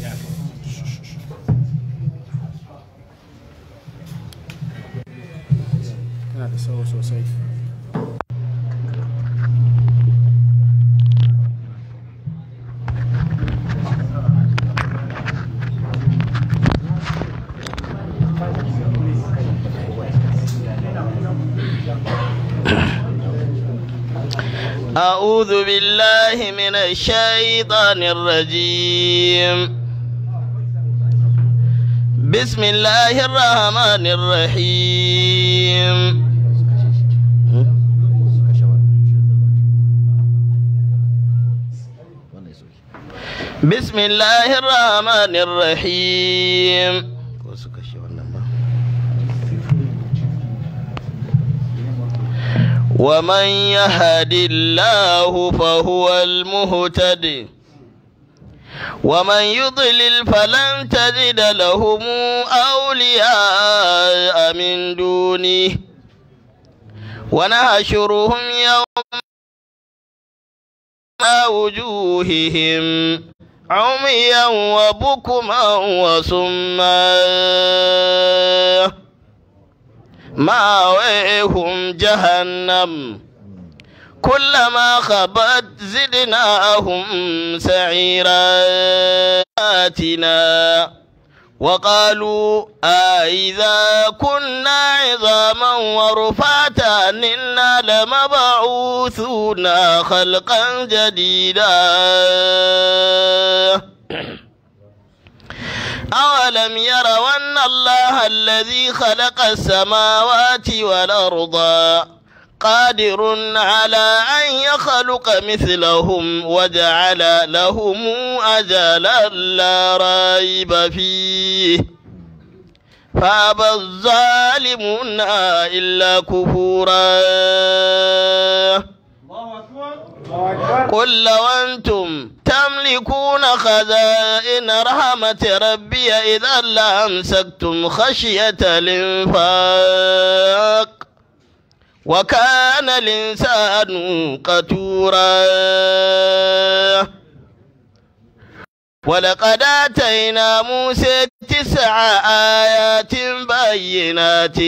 Yeah. God, safe. أعوذ بالله من الشيطان الرجيم بسم الله الرحمن الرحيم بسم الله الرحمن الرحيم ومن يهد الله فهو المهتد ومن يضلل فلن تجد لهم أولياء من دونه ونحشرهم يوم وجوههم عميا وبكما وصما ماويهم جهنم كلما خبت زدناهم سعيرا آتنا وقالوا أئذا كنا عظاما ورفاتا إنا لمبعوثون خلقا جديدا أولم يروا أن الله الذي خلق السماوات والأرض قادر على أن يخلق مثلهم وجعل لهم أجلا لا ريب فيه فأبى الظالمون إلا كفورا قل لو أنتم تملكون خزائن رحمة ربي إذا لأمسكتم خشية الإنفاق وكان الإنسان قتورا ولقد آتينا موسى تسع آيات بينات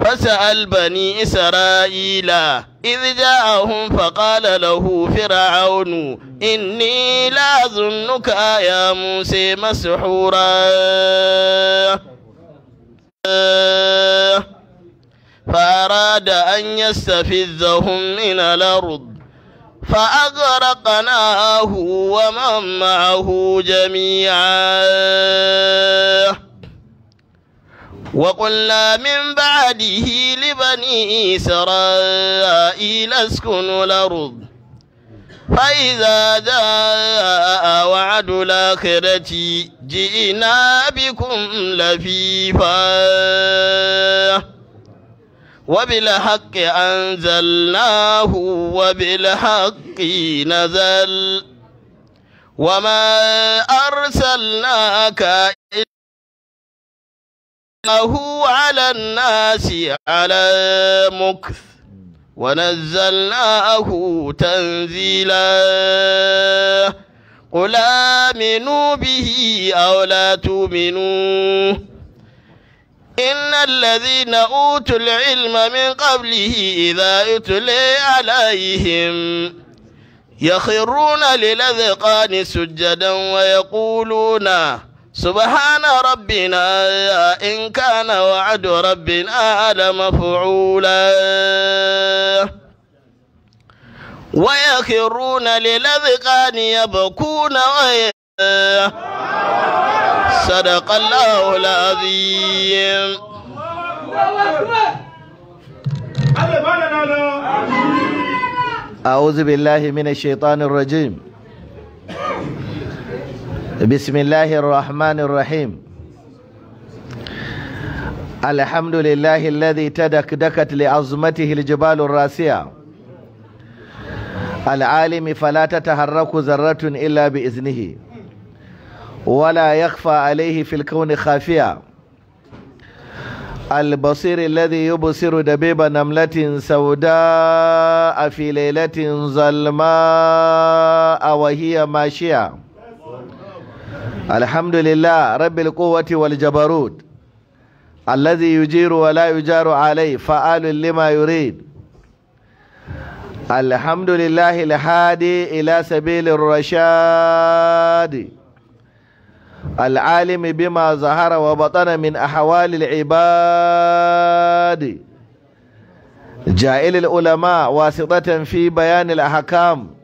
فسأل بني إسرائيل إذ جاءهم فقال له فرعون إني لأظنك يا موسى مسحورا فأراد أن يستفزهم من الأرض فأغرقناه ومن معه جميعا وقلنا من بعده لبني إسرائيل اسكنوا الأرض فإذا جاء وعد الآخرة جئنا بكم لفيفا وبالحق أنزلناه وبالحق نزل وما أرسلناك انه على الناس على مكث ونزلناه تنزيلا قل آمنوا به أو لا تؤمنوا إن الذين أوتوا العلم من قبله إذا اتلي عليهم يخرون للأذقان سجدا ويقولون سبحان ربنا إن كان وعد ربنا لمفعولا ويخرون للذقان يبكون وي صدق الله العظيم أعوذ بالله من الشيطان الرجيم Bismillahirrahmanirrahim. Alhamdulillahi alladhi tadakkadakat li azmatihi al-jibalu ar-rasiya. Al-alimi fala tataharraku zarratun illa bi iznihi. Wala yakhfa alayhi fil kafiya. Albasiri al ya busiru da dabiba namlatin sawda'a fi laylatin zalma'a wa hiya mashiya'a. الحمد لله رب القوة والجبروت الذي يجير ولا يجار عليه فعال لما يريد الحمد لله الهادي إلى سبيل الرشاد العالم بما ظهر وبطن من أحوال العباد جائل العلماء واسطة في بيان الأحكام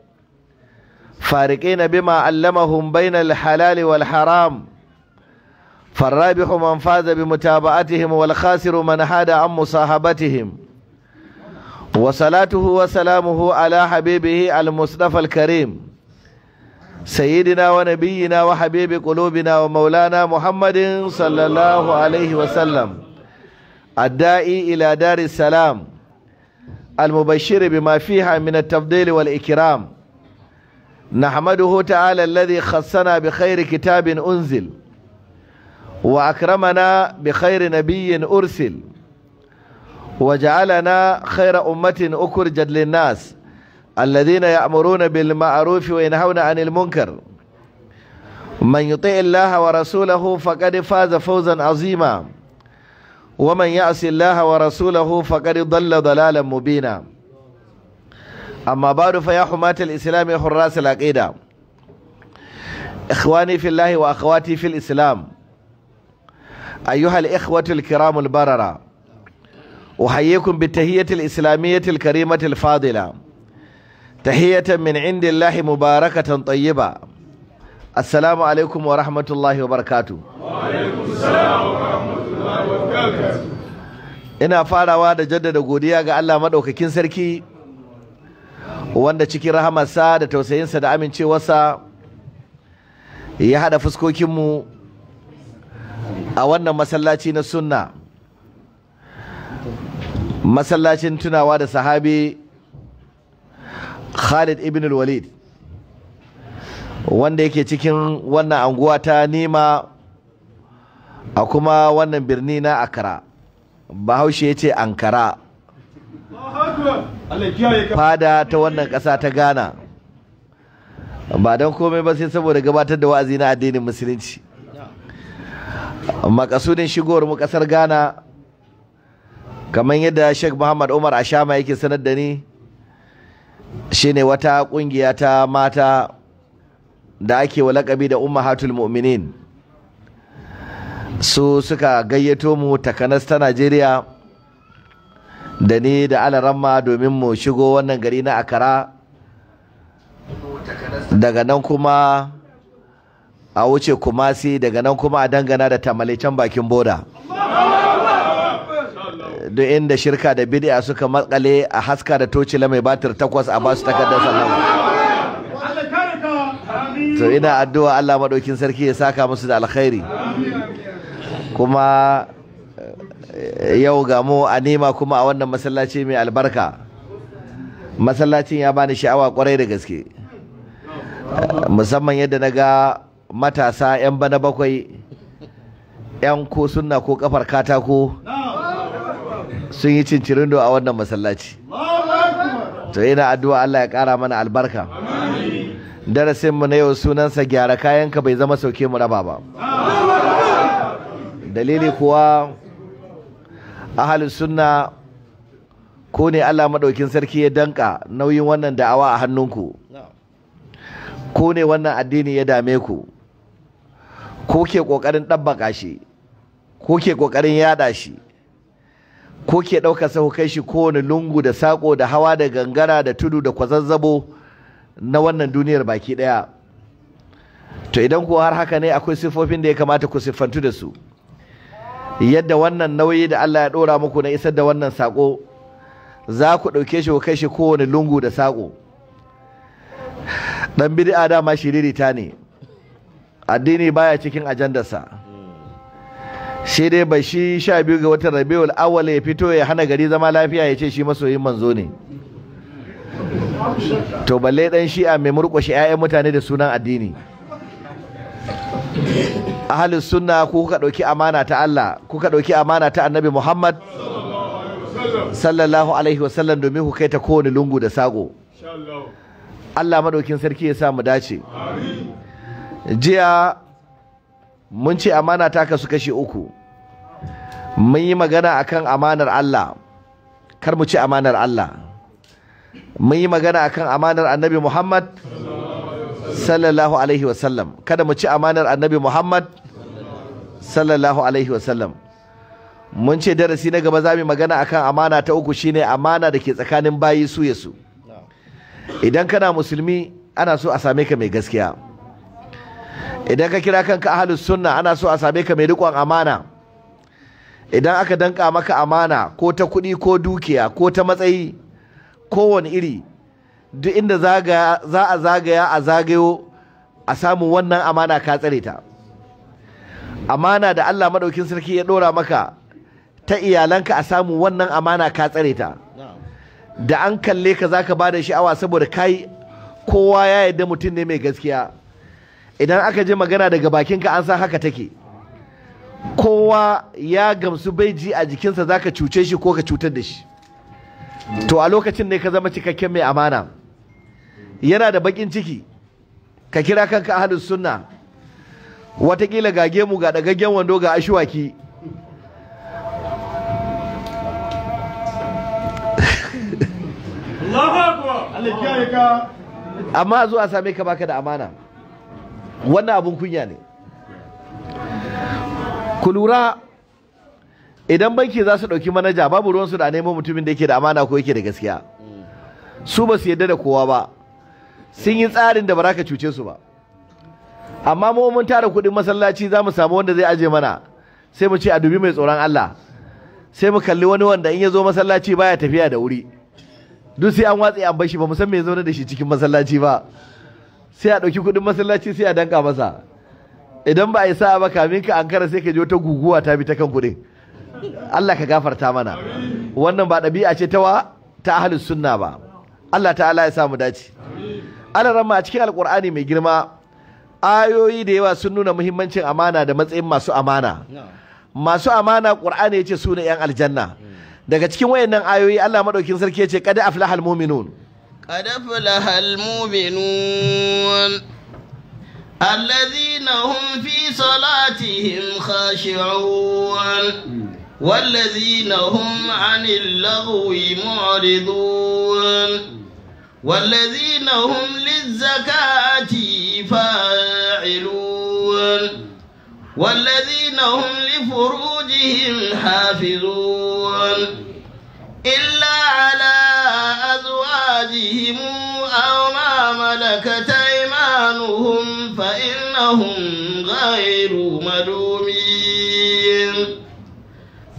فارقين بما علمهم بين الحلال والحرام فالرابح من فاز بمتابعتهم والخاسر من حاد عن مصاحبتهم وصلاته وسلامه على حبيبه المصطفى الكريم سيدنا ونبينا وحبيب قلوبنا ومولانا محمد صلى الله عليه وسلم الداعي إلى دار السلام المبشر بما فيها من التفضيل والإكرام نحمده تعالى الذي خصنا بخير كتاب أنزل وأكرمنا بخير نبي أرسل وجعلنا خير أمة أخرجت للناس الذين يأمرون بالمعروف وينهون عن المنكر من يطع الله ورسوله فقد فاز فوزا عظيما ومن يعص الله ورسوله فقد ضل ضلالا مبينا amma ba rufa ya humatar islam ya hurra da ikhwani fi Allah wa fi islam ayyuhal ikhwati al barara uhayyikum bi tahiyyati al-islamiyyati al-karimati al-fadila min 'indi Allah mubarakatan tayyiba assalamu alaikum wa rahmatullahi wa barakatuh wa alaikum assalam wa rahmatullahi wa barakatuh ina farawa da jaddada godiya ga Allah madaukakin sarki wanda cikin rahamarsa da tausayinsa da amincewarsa ya haɗa fuskokinmu a wannan masallaci na sunna masallacin tunawa da sahabi Khalid ibn walid wanda yake cikin wannan anguwa ta nema a kuma wannan birni na akara bahaushe ya ce ankara fada ta wannan ƙasa ta Ghana ba don komai ba sai saboda gabatar da wa'azi na addinin musulunci makasudin shigowar mu ƙasar Ghana kamar yadda Sheikh Muhammad Umar Ashama yake sanar da ni shine wata ƙungiya ta mata da ake wa lakabi da ummahatul mu'minin su suka gayyato mu takanas ta Najeriya da ni da alaramma domin mu shigo wannan gari na akara daga nan kuma a wuce kumasi daga nan kuma a dangana da tamalicen bakin boda duk inda shirka da bid'a suka matsale a haska da tocila mai batir takwas a basu takardar sallama to ina addu'a Allah madaukin sarki ya saka musu da alkhairi kuma yau ga mu a nema kuma a wannan masallaci mai albarka masallacin ya bani sha'awa kwarai da gaske musamman yadda na ga matasa 'yan bana bakwai 'yan ko sunna ko kafar katako sun yi cincirindo a wannan masallaci to yana addu'a Allah ya kara mana albarka darasinmu na yau sunansa gyara kayanka bai zama sauke mu raba ba dalili kuwa ahalus sunna ko ne Allah maɗaukin sarki ya danka nauyin wannan da'awa a hannunku ko ne wannan addini ya dame ku ko ke ƙoƙarin ɗabbaka shi ko ke ƙoƙarin yada shi ko ke ɗaukar sahu kai shi kowane lungu da saƙo da hawa da gangara da tudu da kwazazzabo na wannan duniyar baki ɗaya to idan kuwa har haka ne akwai siffofin da ya kamata ku siffantu da su yadda wannan nauyi da Allah ya ɗora muku na isar da wannan sako, za ku ɗauke shi ku kai shi kowane lungu da saƙo ɗan bid'a dama shiririta ne addini baya cikin ajandarsa shi dai ba shi sha biyu ga watan rabiul awwal ya fito ya hana gari zama lafiya ya ce shi masoyin manzo ne to balle dan shi'a mai murƙushe 'ya'yan mutane da sunan addini ahalin sunna ku kuka ɗauki amana ta Allah kuka ɗauki amana ta annabi Muhammad sallallahu alaihi wasallam domin ku kai ta kowane lungu da sago. Allah maɗaukin sarki ya sa mu dace jiya mun ce amana ta kasu kashi uku mun yi magana akan amanar Allah kar mu ce amanar Allah mun yi magana akan amanar annabi Muhammad sallallahu alaihi wasallam kada mu ci amanar annabi Muhammad sallallahu alaihi wasallam mun ce darasi na gaba za mu magana akan amana ta uku shine amana da ke tsakanin bayi su ya su idan kana musulmi ana so a same ka mai gaskiya idan ka kira kanka ahlus sunna ana so a same ka mai riƙon amana idan aka danka maka amana ko ta kuɗi ko dukiya ko ta matsayi kowane iri duk inda za a zagaya a zagayo a samu wannan amana ka tsare ta amana da Allah maɗaukin sarki ya ɗora maka ta iyalanka a samu wannan amana ka tsare ta da an kalle ka za ka ba da sha'awa saboda kai kowa ya da mutum ne mai gaskiya idan aka je magana daga bakinka an san haka take kowa ya gamsu bai ji a jikinsa za ka cuce shi ko ka cutar da shi to a lokacin ne ka zama cikakken mai amana. yana da bakin ciki ka kira kanka ahlus sunna watakila ga gemu ga dagaggen wando ga ashuwaki amma zuwa same ka baka da amana wannan abun kunya ne ku lura idan banki za su ɗauki manaja babu ruwan su da nemo mutumin da yake da amana ko yake da gaskiya su ba su yadda da kowa ba sun yi tsarin da ba ka cuce su ba amma mu mun tara kuɗin masallaci za mu samu wanda zai aje mana sai mu ce a dubi mai tsoron Allah sai mu kalli wani wanda in ya zo masallaci baya tafiya da wuri duk sai an watsi an bashi ba mu san me zaune da shi cikin masallaci ba sai a ɗauki kuɗin masallaci sai a danka masa idan ba a yi sa'a ba kamin ka ankara sai ka je ta guguwa ta bi ta kan kuɗin Allah ka gafarta mana wannan ba ɗabi'a ce ta wa ta ahlus sunna ba Allah ta'ala ya samu mu dace ramma a cikin alkur'ani mai girma ayoyi da yawa sun nuna muhimmancin amana da matsayin masu amana masu amana qur'ani yace su ne yan aljanna daga cikin wayannan ayoyi Allah madaukin sarki yace qad Kada mu'minun qad aflahal mu'minun alladhina hum fi salatihim khashi'un والذين هم عن اللغو معرضون والذين هم للزكاة فاعلون والذين هم لفروجهم حافظون إلا على أزواجهم أو ما ملكت أيمانهم فإنهم غير ملومين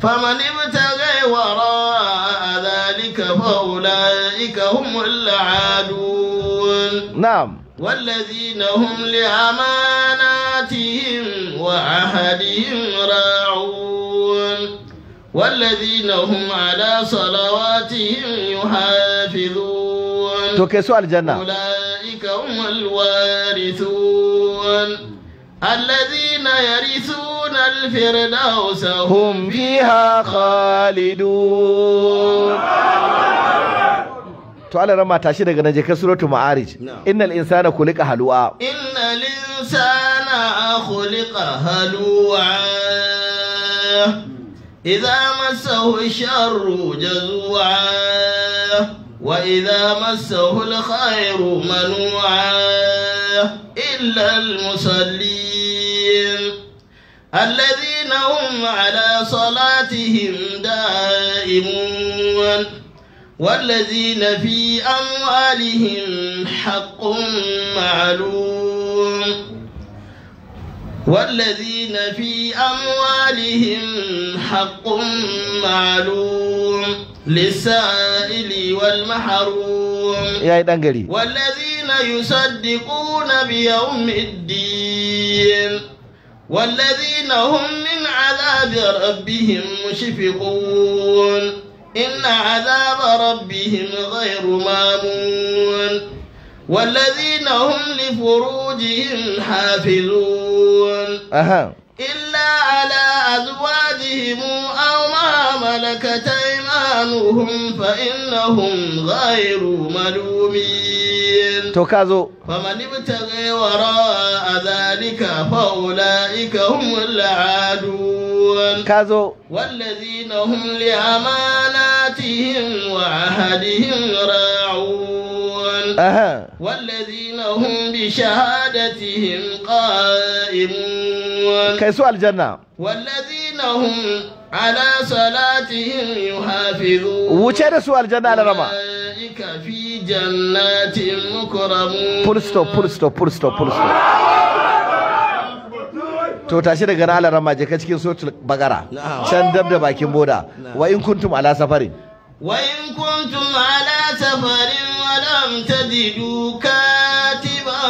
فمن ابتغي وراء ذلك فأولئك هم العادون نعم والذين هم لأماناتهم وعهدهم راعون والذين هم على صلواتهم يحافظون سؤال الجنة أولئك هم الوارثون الذين يرثون الفردوس هم فيها خالدون to Allah rama tashi daga naje ka suratul ma'arij innal insana khuliqa halu'a innal insana khuliqa halu'a idza massahu sharru jazua wa idza massahu alkhairu manu'a آية إلا المصلين الذين هم على صلاتهم دائمون والذين في أموالهم حق معلوم والذين في أموالهم حق معلوم للسائل والمحروم يا إيه دنجري والذين يصدقون بيوم الدين والذين هم من عذاب ربهم مشفقون إن عذاب ربهم غير مامون والذين هم لفروجهم حافظون أها. إلا على أزواجهم أو ما ملكت أيمانهم فإنهم غير ملومين توكازو فمن ابتغي وراء ذلك فأولئك هم العادون كازو والذين هم لأماناتهم وعهدهم راعون أها. والذين هم بشهادتهم قائمون كيسوا الجنة والذين هم على صلاتهم يحافظون وشهد سؤال الجنة على رمى أولئك في جنات مكرمون فول ستوب فول ستوب to tashi daga ranar rama ka cikin bagara can dab da bakin boda wa in kuntum ala safarin وإن كنتم على سفر ولم تجدوا كاتبا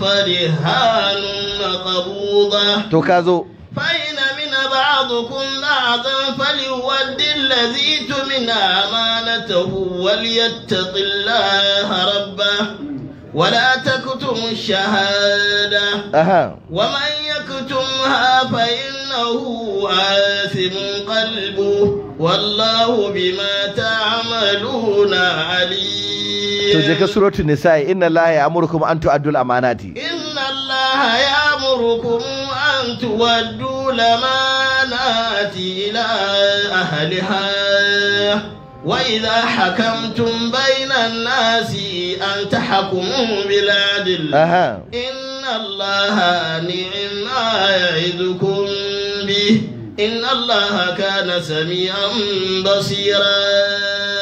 فرهان مقبوضة تكازو فإن من بعضكم بعضا فليود الذي تمن أمانته وليتق الله ربه ولا تكتم الشهادة أها. ومن يكتمها فإن أنه آثم قلبه والله بما تعملون عليم تجيك سورة النساء إن الله يأمركم أن تؤدوا الأمانات إن الله يأمركم أن تؤدوا الأمانات إلى أهلها وإذا حكمتم بين الناس أن تحكموا بالعدل أه. إن الله نعم ما يعظكم به إن الله كان سميعا بصيرا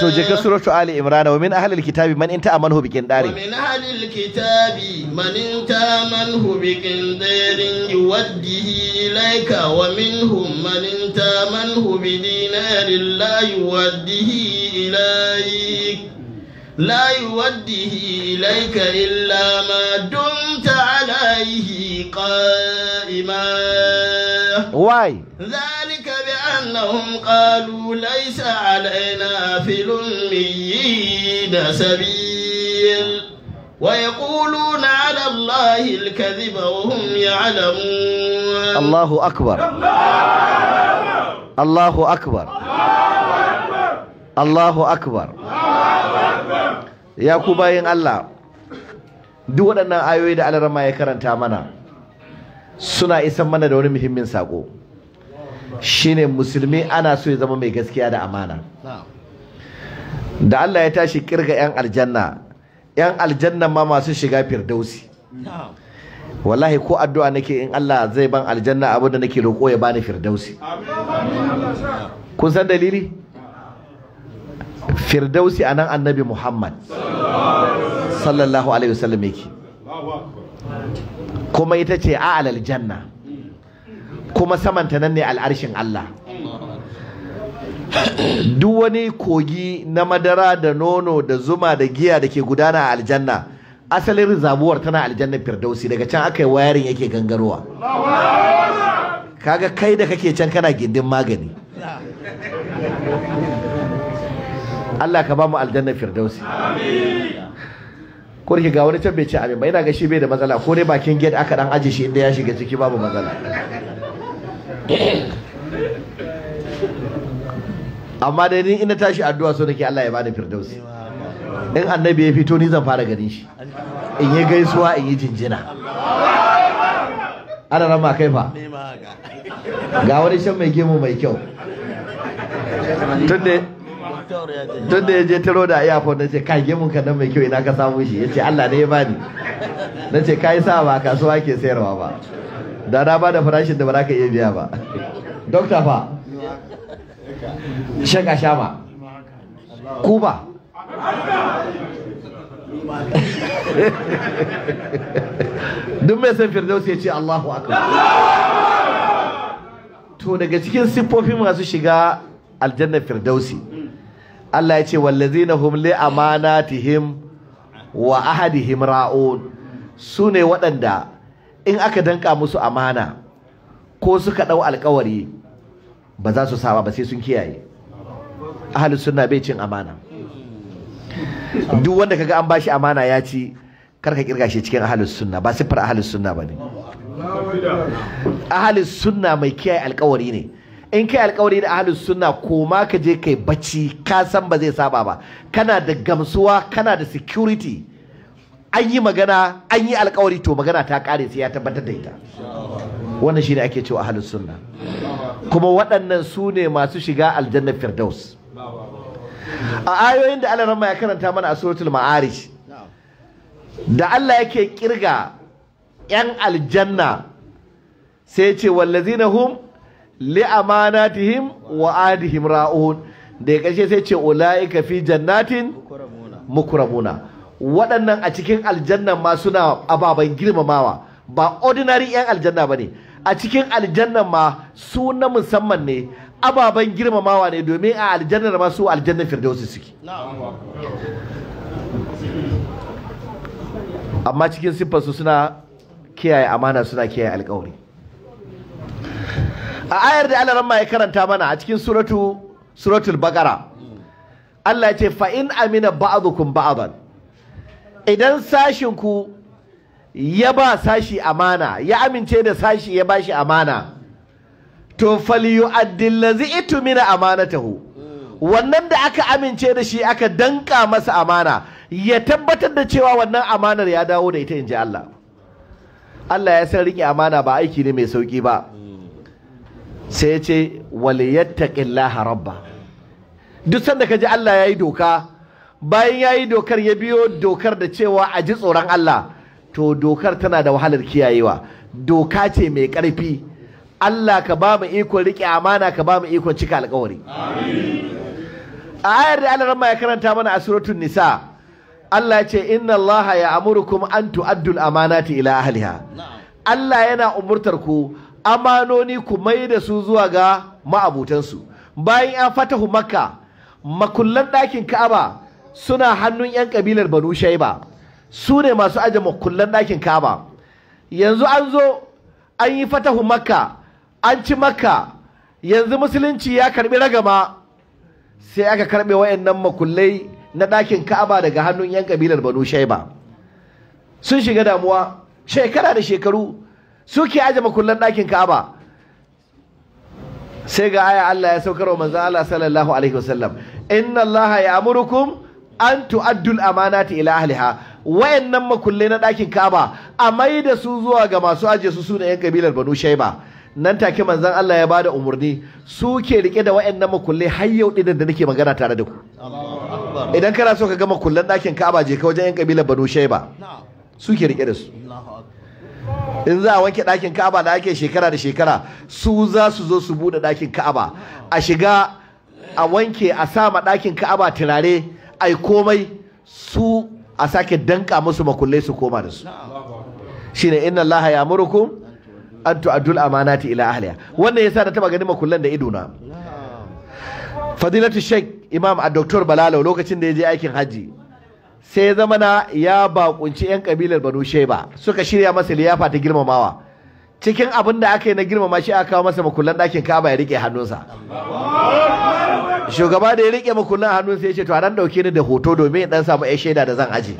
to je ka suratu ali imran wa min ahli alkitabi man anta amanhu bi qindari min ahli alkitabi man anta amanhu bi qindarin yuwaddihi ilayka wa minhum man anta amanhu bi dinarin la yuwaddihi ilayk la yuwaddihi ilayka illa ma dumta alayhi qa'ima Why? ذلك بأنهم قالوا ليس علينا في الأميين سبيل ويقولون على الله الكذب وهم يعلمون الله أكبر الله أكبر الله أكبر يا كوباين الله duk waɗannan ayoyi da alarama ya karanta mana suna isan mana da wani muhimmin sako shine musulmi ana so ya zama mai gaskiya da amana da Allah ya tashi kirga 'yan aljanna 'yan aljanna ma masu shiga firdausi wallahi ko addu'a nake in Allah zai ban aljanna abu da nake roƙo ya bani firdausi kun san dalili firdausi anan annabi Muhammad sallallahu alaihi wasallam yake kuma ita ce a'lal aljanna. kuma samanta nan ne al'arshin Allah duk wani kogi na madara da nono da zuma da giya da ke gudana a aljanna asalin rizabuwar tana aljanna firdausi daga can aka yi wayarin yake gangarowa kaga kai da kake can kana gindin magani Allah ka ba mu aljanna firdausi ko da ga wani can bai ci abin ba yana gashi bai da matsala ko dai bakin gate aka dan aje shi inda ya shiga ciki babu matsala amma dai ni ina tashi addu'a so nake Allah ya bani firdausi in annabi ya fito ni zan fara ganin shi in yi gaisuwa in yi jinjina ana ma kai fa ga wani shan mai gemu mai kyau tunde tun da ya je tiro da iyafo na ce kai gemun ka nan mai kyau ina ka samu shi ya ce Allah ne ya bani na ce ka yi sa ba kasuwa ke sayarwa ba da na ba da farashin da ba za ka iya biya ba dokta fa Shaka Shama. kuba duk mai san firdaus ya ce Allahu akbar to daga cikin siffofi masu shiga aljannar firdausi Allah ya ce wallazina hum li amanatihim wa ahadihim ra'un su ne waɗanda in aka danka musu amana ko suka ɗau alkawari ba za su sa ba sai sun kiyaye ahalus sunna bai cin amana duk wanda kaga an bashi amana ya ci karka kirga shi cikin ahalus sunna ba siffar suna sunna bane ahalus sunna mai kiyaye alkawari ne in kai alkawari da ahlus sunna koma ka je kai bacci ka san ba zai saba ba kana da gamsuwa kana da security an yi magana an yi alkawari to magana ta kare sai ya tabbatar da ita wannan shine ake cewa ahlus sunna kuma waɗannan su ne masu shiga Aljanna firdaus a ayoyin da Allah ya karanta mana a suratul Ma'arish. da Allah yake kirga yan aljanna sai ya wallazi na hum li amanatihim wa adihim ra'un da ya kashe sai ce ulaika fi jannatin mukramuna waɗannan a cikin aljanna ma suna ababen girmamawa ba ordinary 'yan aljanna ba ne a cikin aljanna ma su na musamman ne ababen girmamawa ne domin a aljanna ma su aljanna firdausi suke amma cikin siffarsu suna kiyaye amana suna kiyaye alkawari a ayar da Allah ranma ya karanta mana a cikin suratu suratul bakara, Allah ya ce fa in amina ba'dukum ba'dan idan sashin ku ya ba sashi amana ya amince da sashi ya bashi amana to falyu'addil ladzi itmina amanatahu wannan da aka amince da shi aka danka masa amana ya tabbatar da cewa wannan amanar ya dawo da ita inji Allah Allah ya san rike amana ba aiki ne mai sauki ba sai ya ce waliyattaqillaha rabba duk sanda ka ji Allah ya yi doka bayan yayi dokar ya biyo dokar da cewa a ji tsoron Allah to dokar tana da wahalar kiyayewa doka ce mai ƙarfi Allah ka ba mu ikon riƙe amana ka ba mu ikon cika alƙawari a ayar da Allah ya karanta mana a suratul nisa Allah ce inna Allah ya amurukum an tu'addul amanati ila ahliha Allah yana umurtar ku amanoni ku mai da su zuwa ga ma'abutansu bayan an fatahu makka makullan ɗakin ka'aba suna hannun 'yan ƙabilar banu shaiba su ne masu aje makullan ɗakin ka'aba yanzu an zo an yi fatahu makka an ci makka yanzu musulunci ya karbi ragama sai aka karbe wayannan makullai na ɗakin ka'aba daga hannun 'yan ƙabilar banu shaiba sun shiga damuwa shekara da shekaru suke aje makullan ɗakin Ka'aba sai ga aya Allah ya saukar wa manzo Allah sallallahu alaihi wasallam inna Allah ya'murukum an tu'addu al-amanati ila ahliha wayannan makulle na ɗakin Ka'aba a mai da su zuwa ga masu aje su suna yan kabilar Banu Shaiba nan take manzon Allah ya bada umurni ke rike da wayannan makulle har yau din da nake magana tare da ku idan kana so ka ga makullan ɗakin Ka'aba je ka wajen yan kabilar Banu su ke rike da su in za a wanke ɗakin ka'aba da ake shekara da shekara su za su zo su buɗe ɗakin ka'aba a shiga a wanke a sa ma ɗakin ka'aba turare ai komai su a sake danka musu makullai su koma da su ne inna Allaha ya murukum an tu'addul amanati ila ahliya wannan yasa da taba ganin makullan da idona fadilatu sheikh imam a doktor balalo lokacin da ya je aikin hajji sai zamana ya bakunci 'yan kabilar banu sheba suka shirya masa liyafa ta girmamawa cikin abin da aka yi na girmama shi aka kawo masa makullan ɗakin kaba ya rike hannunsa shugaba da ya rike makullan hannunsa ya ce to a nan ɗauke ni da hoto domin dan samu 'yan shaida da zan aje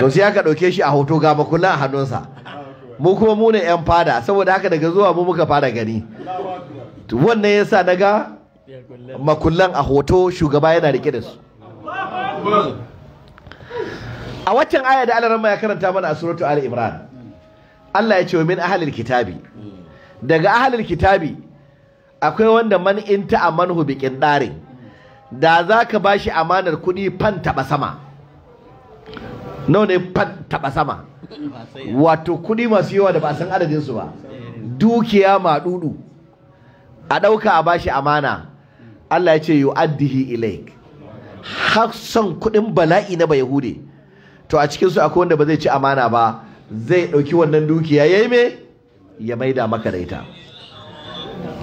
to sai aka ɗauke shi a hoto ga makullan hannunsa mu kuma mu ne 'yan fada saboda haka daga zuwa mu muka fara gani wannan yasa na ga makullan a hoto shugaba yana rike da su a waccan aya da Allah ya karanta mana a suratu Ali Imran Allah ya ce wa min ahlil kitabi daga ahlil kitabi akwai wanda man in ta'amanhu bi qindari da za zaka bashi amanar kuɗi fan taba sama nawa ne fan taba sama wato kuɗi masu yawa da ba san adadinsu ba dukiya maɗuɗu. a ɗauka a bashi amana Allah ya ce yu'addihi ilaik har son kuɗin bala'i na bayahude to a cikinsu akwai wanda ba zai ci amana ba zai ɗauki wannan dukiya ya yi me ya maida maka da ita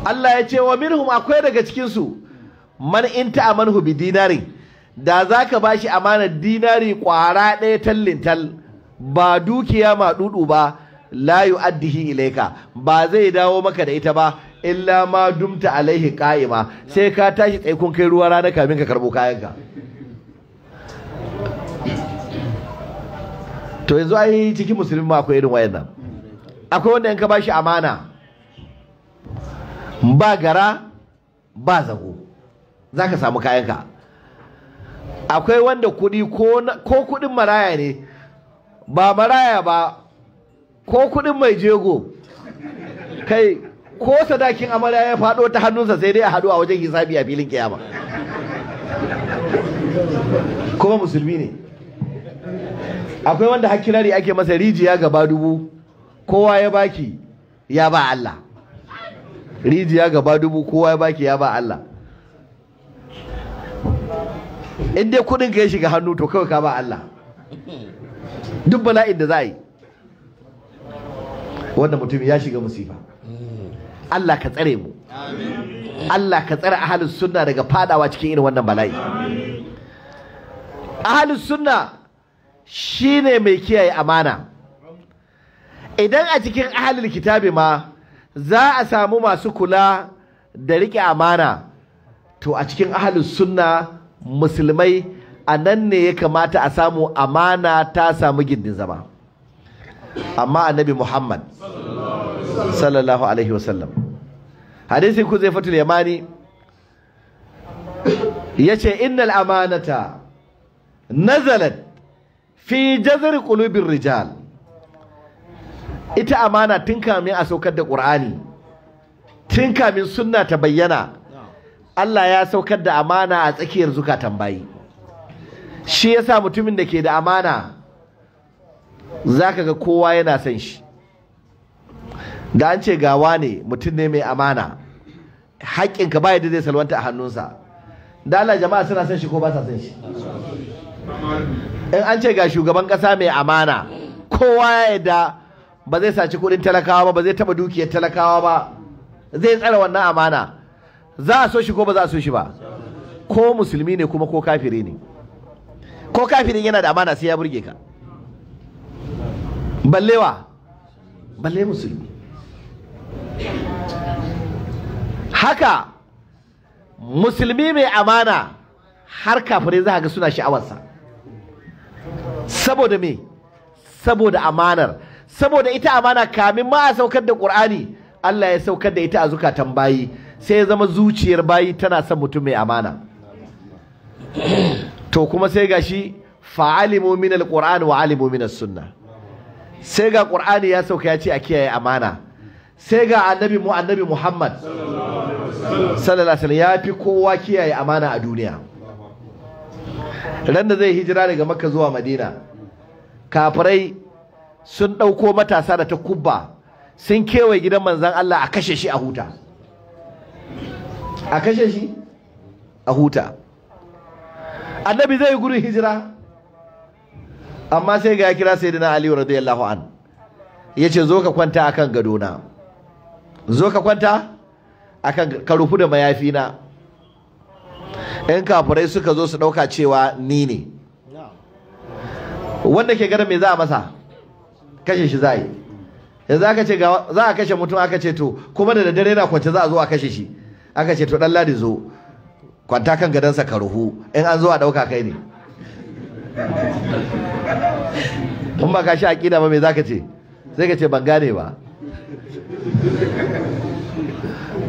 Allah ya ce wa minhum akwai daga cikinsu man in ta'amanhu bi dinarin da za ka ba shi amanar dinari ƙwara ɗaya tallintal ba dukiya ma dudu ba la addihi ilaika ba zai dawo maka da ita ba illa ma dumta alaihi ka'ima sai ka tashi tsaye kun kai ruwa rana kamin ka karbo kayanka to yanzu ai cikin musulmi ma akwai irin nan akwai wanda in ka bashi amana ba gara ba zago za ka samu kayanka akwai wanda kuɗi ko kuɗin maraya ne ba maraya ba ko kuɗin mai jego kai ko sadakin amarya ya faɗo ta hannunsa sai dai a haɗu a wajen hisabi a filin kiyama kuma musulmi ne akwai wanda hakirari ake masa rijiya gaba dubu kowa ya baki ya ba Allah rijiya gaba dubu kowa ya baki ya ba Allah in dai kudin ka ya shiga hannu to kawai ka ba Allah duk bala'in da za a yi wanda mutum ya shiga musifa Allah ka tsare mu Allah ka tsare ahalus sunna daga fadawa cikin irin wannan bala'i ahalus sunna shine mai kiyaye amana idan a cikin ahalul kitabi ma za a samu masu kula da riƙe amana to a cikin ahalus sunna musulmai a nan ne ya kamata a samu amana ta samu gindin zama amma annabi muhammad sallallahu alaihi wasallam hadisi ku zai fatul yamani yace innal amanata nazalat fi jazr qulubir rijal ita amana tun kamin a saukar da ƙur'ani. tun kamin sunna ta bayyana Allah ya saukar da amana a tsakiyar zukatan bayi shi yasa mutumin da ke da amana zaka ga kowa yana son shi da an ce gawa ne mutum ne mai amana haƙƙinka ba yadda zai salwanta a hannunsa da Allah jama'a suna san shi ko ba sa son shi in an ce ga shugaban ƙasa mai amana kowa ya yadda ba zai saci kuɗin talakawa ba ba zai taɓa dukiyar talakawa ba zai tsara wannan amana za a so shi ko ba za a so shi ba ko musulmi ne kuma ko kafiri ne ko kafirin yana da amana sai ya burge ka ballewa balle musulmi haka musulmi mai amana har kafirai za ga suna sha'awarsa saboda me saboda amanar saboda ita amana kamin ma a saukar da ƙur'ani Allah ya saukar da ita a zukatan bayi sai ya zama zuciyar bayi tana son mutum mai amana to kuma sai ga shi fa'alimu min wa alimu min sunna sai ga ƙur'ani ya sauka ya ce a kiyaye amana sai ga annabi mu annabi Muhammad sallallahu alaihi ya fi kowa kiyaye amana a duniya ran da zai hijira daga Makka zuwa Madina kafirai sun ɗauko matasa da ta kubba, sun kewaye gidan manzon Allah a kashe shi a huta a kashe shi a huta annabi zai gurin hijira amma sai ga ya kira sayyidina Ali radiyallahu an yace zo ka kwanta akan gadona zo ka kwanta akan ka rufu da mayafi na yan kafurai suka zo su ɗauka cewa ni ne wanda ke gara me za a masa kashe shi za a yi yanzu aka ce za a kashe mutum aka ce to kuma da daddare na kwance za a zo a kashe shi aka ce to dan ladi zo kwanta kan gadansa ka ruhu in an zo a ɗauka kai ne in ba ka shi aƙida ba me za ka ce sai ka ce ban gane ba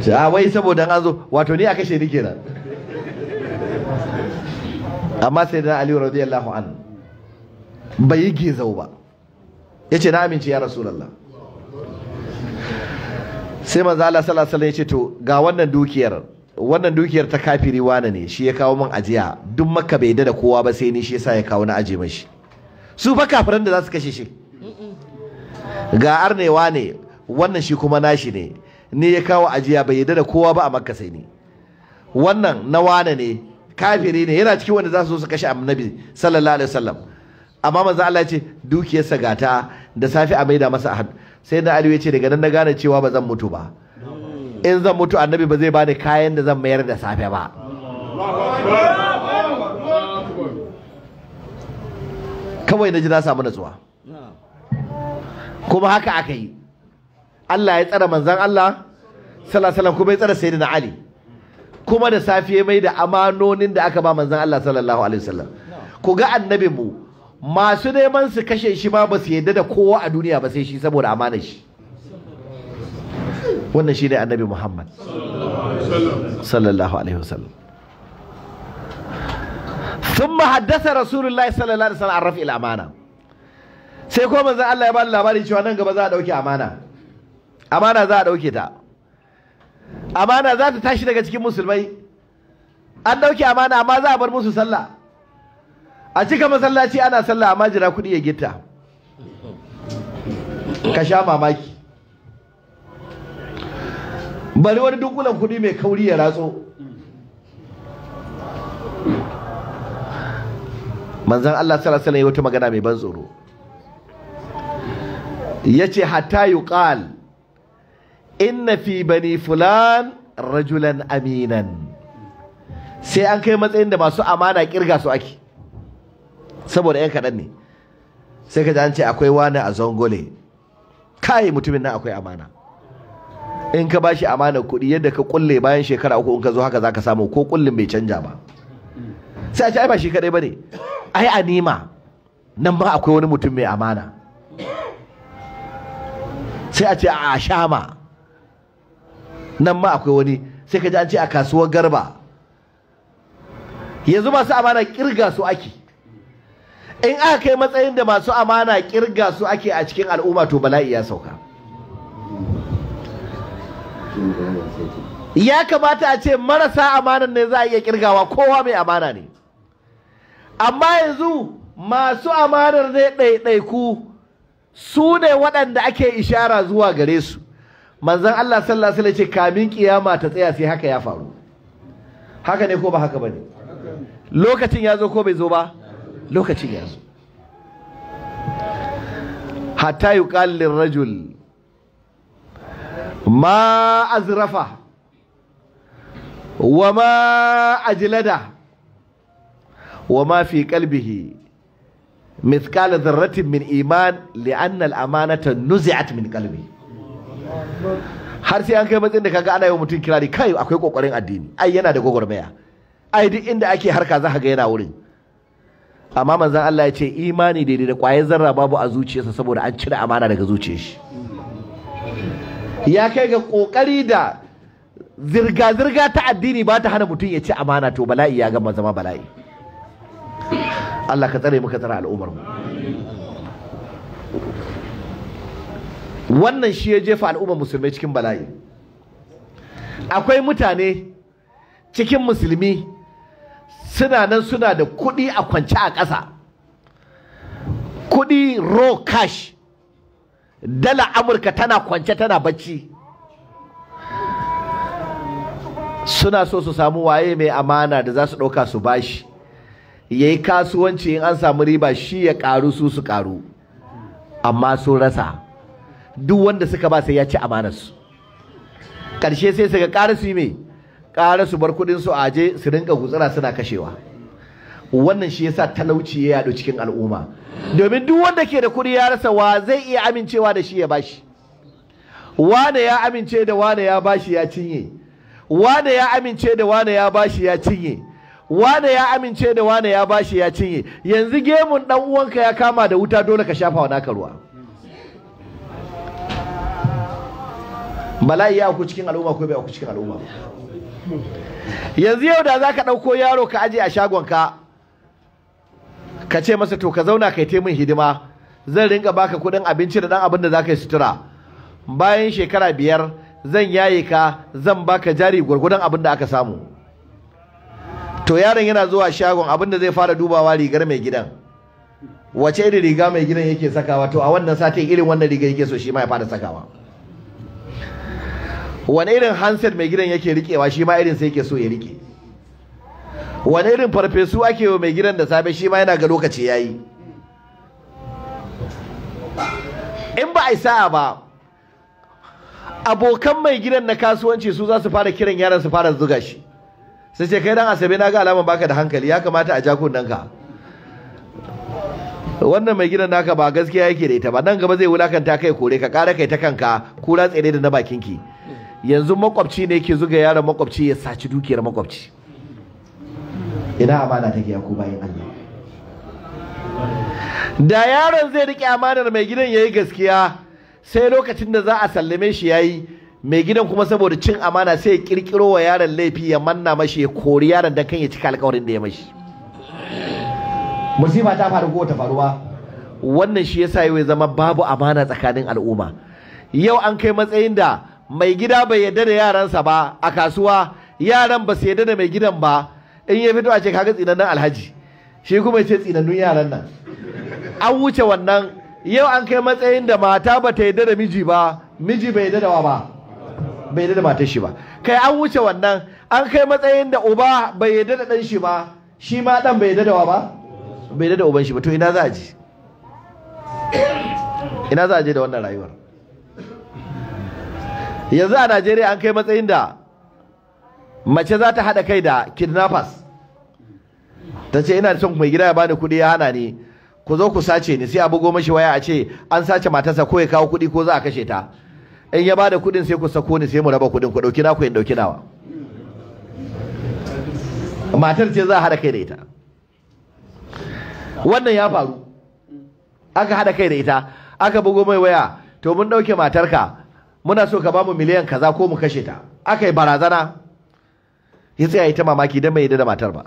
a ah, wai saboda an zo wato ni a kashe ni kenan amma sai da aliyu radiyallahu an bai yi gezau ba ya ce na amince ya rasulallah sai manzo Allah sallallahu alaihi ya ce to ga wannan dukiyar wannan dukiyar ta kafiri wane ne shi ya kawo min ajiya duk makka bai da kowa ba sai ni shi yasa ya kawo na aje mashi su fa kafiran da za su kashe shi ga arnewa ne wannan shi kuma nashi ne ni ya kawo ajiya bai yarda da kowa ba a makka sai ni wannan na wane ne kafiri ne yana cikin wanda za su zo su kashe annabi sallallahu alaihi wasallam amma manzo Allah ya ce dukiyarsa gata da safi a maida masa ahad sai na Ali ya ce daga nan na gane cewa ba zan mutu ba in zan mutu annabi ba zai bani kayan da zan mayar da safe ba kawai na ji na samu natsuwa kuma haka aka yi Allah ya tsara manzan Allah sallallahu kuma ya tsara sayyidina Ali kuma da safiye mai da amanonin da aka ba manzan Allah sallallahu alaihi wasallam ku ga annabi mu masu neman su kashe shi ba su yadda da kowa a duniya ba sai shi saboda amanar shi wannan shi ne annabi Muhammad sallallahu alaihi wasallam ثم حدث رسول الله صلى الله عليه وسلم عن رفع الامانه sai ko manzon Allah ya ba labari cewa nan gaba za a dauki amana amana za a ɗauke ta amana za ta tashi daga cikin musulmai an ɗauke amana amma za a bar musu sallah a cika masallaci ana sallah amma jira kuɗi ya gitta ka sha mamaki bari wani dunkulan kuɗi mai kauri ya ratso manzan Allah sallallahu alaihi wata magana mai ban tsoro yace hatta yuqal inna fi bani fulan rajulan aminan sai an kai matsayin da masu amana kirga su ake saboda yan kaɗan ne sai ka an ce akwai wani a zongole kai mutumin nan akwai amana in ka bashi amana kuɗi yadda ka kulle bayan shekara uku in ka zo haka zaka samu ko kullin bai canja ba sai a ce ai ba shi kadai bane ai anima nan ba akwai wani mutum mai amana sai a ce a shama nan ma akwai wani sai ka ji an ce a kasuwar garba yanzu masu amana kirga su ake in aka kai matsayin da masu amana kirga su ake a cikin al'umma to bala'i ya sauka ya kamata a ce marasa amanan ne za a iya kirgawa kowa mai amana ne amma yanzu masu amanar ne ɗaiɗaiku su ne waɗanda ake ishara zuwa gare su manzon Allah sallallahu alaihi wasallam ce kamin kiyama ta tsaya sai haka ya faru haka ne ko ba haka bane lokacin ya zo ko bai zo ba lokacin ya zo hatta yuqal lirajul ma azrafa wa ma ajlada wa ma fi qalbihi mithqala dharratin min iman li'anna al-amanata nuzi'at min qalbihi har sai an kai matsayin da kaga ana yi wa mutum kirari kai akwai kokarin addini ai yana da gwagwarmaya ai duk inda ake harka za ka ga yana wurin amma manzon Allah ya ce imani daidai da kwayan zarra babu a zuciyarsa saboda an cire amana daga zuciyar shi ya kai ga kokari da zirga-zirga ta addini ba ta hana mutum ya ci amana to bala'i ya gama zama bala'i Allah ka tsare muka tsara al'ummar mu wannan shi ya jefa al'ummar musulmai cikin bala'i akwai mutane cikin musulmi suna nan suna da kuɗi a kwance a ƙasa kuɗi raw cash dala amurka tana kwance tana bacci suna so su samu waye mai amana da za su ɗauka su bashi ya yi kasuwanci in an samu riba shi ya ƙaru su su ƙaru amma sun rasa duk wanda suka ba sai ya ci amanarsu Karshe sai su ga ƙara su yi mai ƙara su bar kuɗin su aje su rinka gutsura suna kashewa wannan shi yasa talauci ya yaɗu cikin al'umma domin duk wanda ke da kuɗi ya rasa wa zai iya amincewa da shi ya bashi wane ya amince da wane ya bashi ya cinye wane ya amince da wane ya bashi ya cinye wane ya amince da wane ya bashi ya cinye yanzu gemun dan uwanka ya kama da wuta dole ka shafa wa naka ruwa bala'i ya ku cikin al'umma ko bai ku cikin al'umma yanzu yau da za ka ɗauko yaro ka aje a shagonka ka ce masa to ka zauna kai taimun hidima zan ringa baka kuɗin abinci da ɗan abin da za ka sutura bayan shekara biyar zan yaye ka zan baka jari gwargwadon abin da aka samu to yaron yana zuwa shagon abin da zai fara dubawa rigar mai gidan wace irin riga mai gidan yake sakawa to a wannan satin irin wannan riga yake so shi ma ya fara sakawa wani irin handset mai gidan yake rikewa shi ma irin sai yake so ya rike wani irin farfesu ake wa mai gidan da safe shi ma yana ga lokaci ya yi. in ba a sa'a ba abokan mai gidan na kasuwanci su za su fara kiran yaran su fara zuga shi sai ce kai dan asabe na ga alaman baka da hankali ya kamata a jakun danka wannan mai gidan naka ba gaskiya yake da ita ba nan gaba zai wulakanta kai kore ka kara kai ta kanka kura tsere da na bakinki ki yanzu makwabci ne ke zuga yaron makwabci ya saci dukiyar makwabci ina amana take ya ku bayan Allah da yaron zai rike amanar mai gidan yayi gaskiya sai lokacin da za a sallame shi yayi mai gidan kuma saboda cin amana sai ya kirkiro wa yaron laifi ya manna mashi ya kori yaron da kan ya cika alkawarin da ya mashi musiba ta faru ko ta faruwa wannan shi yasa yau ya zama babu amana tsakanin al'umma yau an kai matsayin da mai gida bai yadda da yaransa ba a kasuwa yaran ba su yadda da mai gidan ba in ya fito a ce kaga tsinannan alhaji shi kuma ce tsinannun yaran nan an wuce wannan yau an kai matsayin da mata ba ta yadda da miji ba miji bai yadda da wa ba bai yadda da matar shi ba kai an wuce wannan an kai matsayin da uba bai yadda da dan shi ba shi ma dan bai yadda da wa ba bai yadda da uban shi ba to ina za a ji ina za a je da wannan rayuwar yanzu a Najeriya an kai matsayin da mace za ta haɗa kai da kidnappers ta ce ina son mai gida ya bani kuɗi ya hana ni ku zo ku sace ni sai a bugo mashi waya a ce an sace matarsa ko ya kawo kuɗi ko za a kashe ta in ya bada kuɗin sai ku sako ni sai mu raba kuɗin ku ɗauki naku in ɗauki nawa matar ce za a haɗa kai da ita wannan ya faru aka haɗa kai da ita aka bugo mai waya to mun ɗauke matarka muna so ka bamu miliyan kaza ko mu kashe ta aka yi barazana ya tsaya ta mamaki don bai yadda da matar ba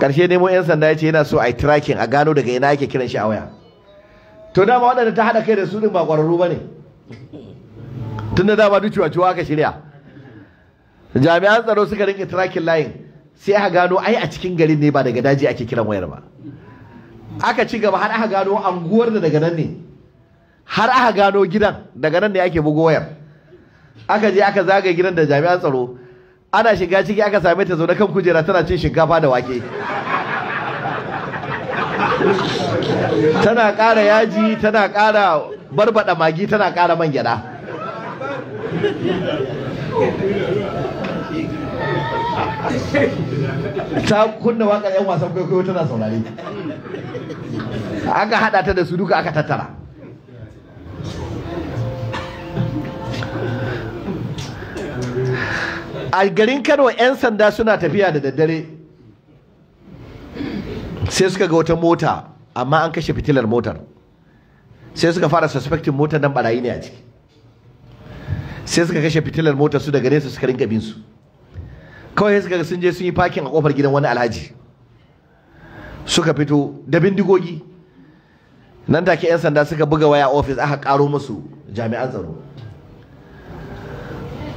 karshe nemo yan sanda ya ce yana so a yi tracking a gano daga ina ake kiran shi a waya to dama waɗanda ta haɗa kai da su ba ƙwararru ba ne tun da dama duk cewa aka shirya jami'an tsaro suka rinke tracking layin sai aka gano ai a cikin garin ne ba daga daji ake kiran wayar ba aka ci gaba har aka gano anguwar da daga nan ne har aka gano gidan daga nan ne ake bugo wayar aka je aka zagaye gidan da jami'an tsaro ana shiga ciki aka same ta zaune kan kujera tana cin shinkafa da wake tana ƙara yaji tana ƙara barbada magi tana ƙara man gyada, ta kunna waƙar 'yan wasan kwaikwayo tana saurare aka haɗa ta da su duka aka tattara a garin kano 'yan sanda suna tafiya da daddare sai suka ga wata mota amma an kashe fitilar motar sai suka fara suspectin motar nan barayi ne a ciki sai suka kashe fitilar motar su daga nesa suka rinka binsu su kawai suka sun je sun yi fakin a kofar gidan wani alhaji suka fito da bindigogi nan take 'yan sanda suka buga waya ofis aka karo musu jami'an tsaro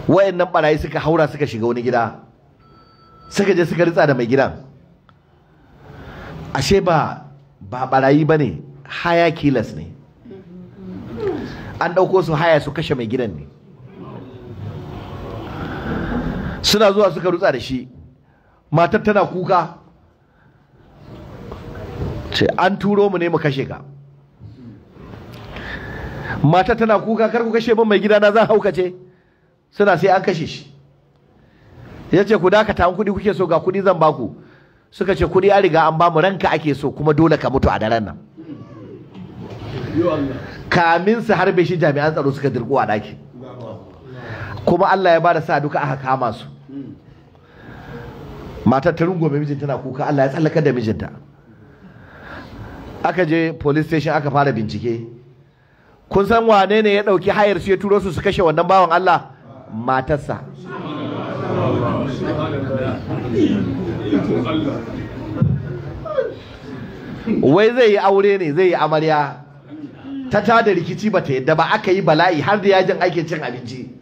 Wayan nan barayi suka haura suka shiga wani gida suka je suka ritsa da mai gidan ashe ba ba barayi bane haya kilas ne an ɗauko su haya su kashe mai gidan ne suna zuwa suka rutsa da shi matar tana kuka ce an turo mu ne mu kashe ka matar tana kuka kar ku kashe min mai gidana zan haukace ce suna sai an kashe shi ya ce ku dakata an kuɗi kuke so ga kuɗi zan baku suka ce kuɗi an riga an bamu ranka ake so kuma dole ka mutu a daren nan kamin su harbe shi jami'an tsaro suka dirgo a ɗaki kuma Allah ya bada sa duka aka kama su matar ta rungume mijin tana kuka Allah ya tsallakar da mijinta aka je police station aka fara bincike kun san wane ne ya ɗauki hayar su ya turo su su kashe wannan bawan Allah matarsa wai zai yi aure ne zai yi amarya ta tada rikici ba ta yadda ba aka yi bala'i har da yajin aikin cin abinci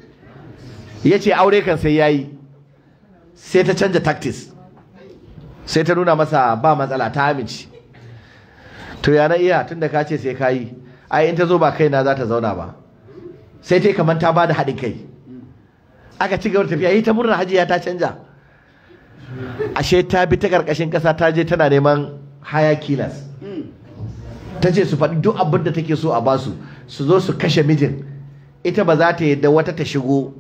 ya ce aure kan sai ya yi sai ta canja taktis sai ta nuna masa ba matsala ta amince to ya na iya tun da ka ce sai ka yi ai in ta zo ba kaina za ta zauna ba sai ta kamar ta ba da haɗin kai aka ci gaba da tafiya yi ta murna hajiya ta canja ashe ta bi ta karkashin kasa ta je tana neman haya kilas. ta ce su faɗi duk abin da take so a basu su zo su kashe mijin ita ba za ta yadda wata ta shigo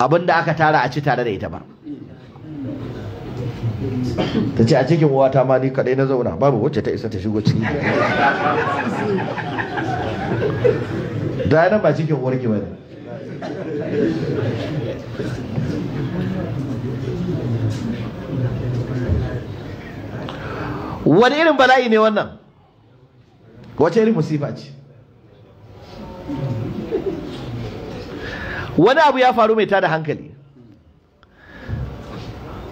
abin da aka tara a ci tare da ita ba ta ce a cikin uwata ma ni kaɗai na zauna babu wacce ta isa ta shigo ciki da yana ba cikin uwarki ba ne wani irin bala'i ne wannan wace irin musifa ce wani abu ya faru mai tada hankali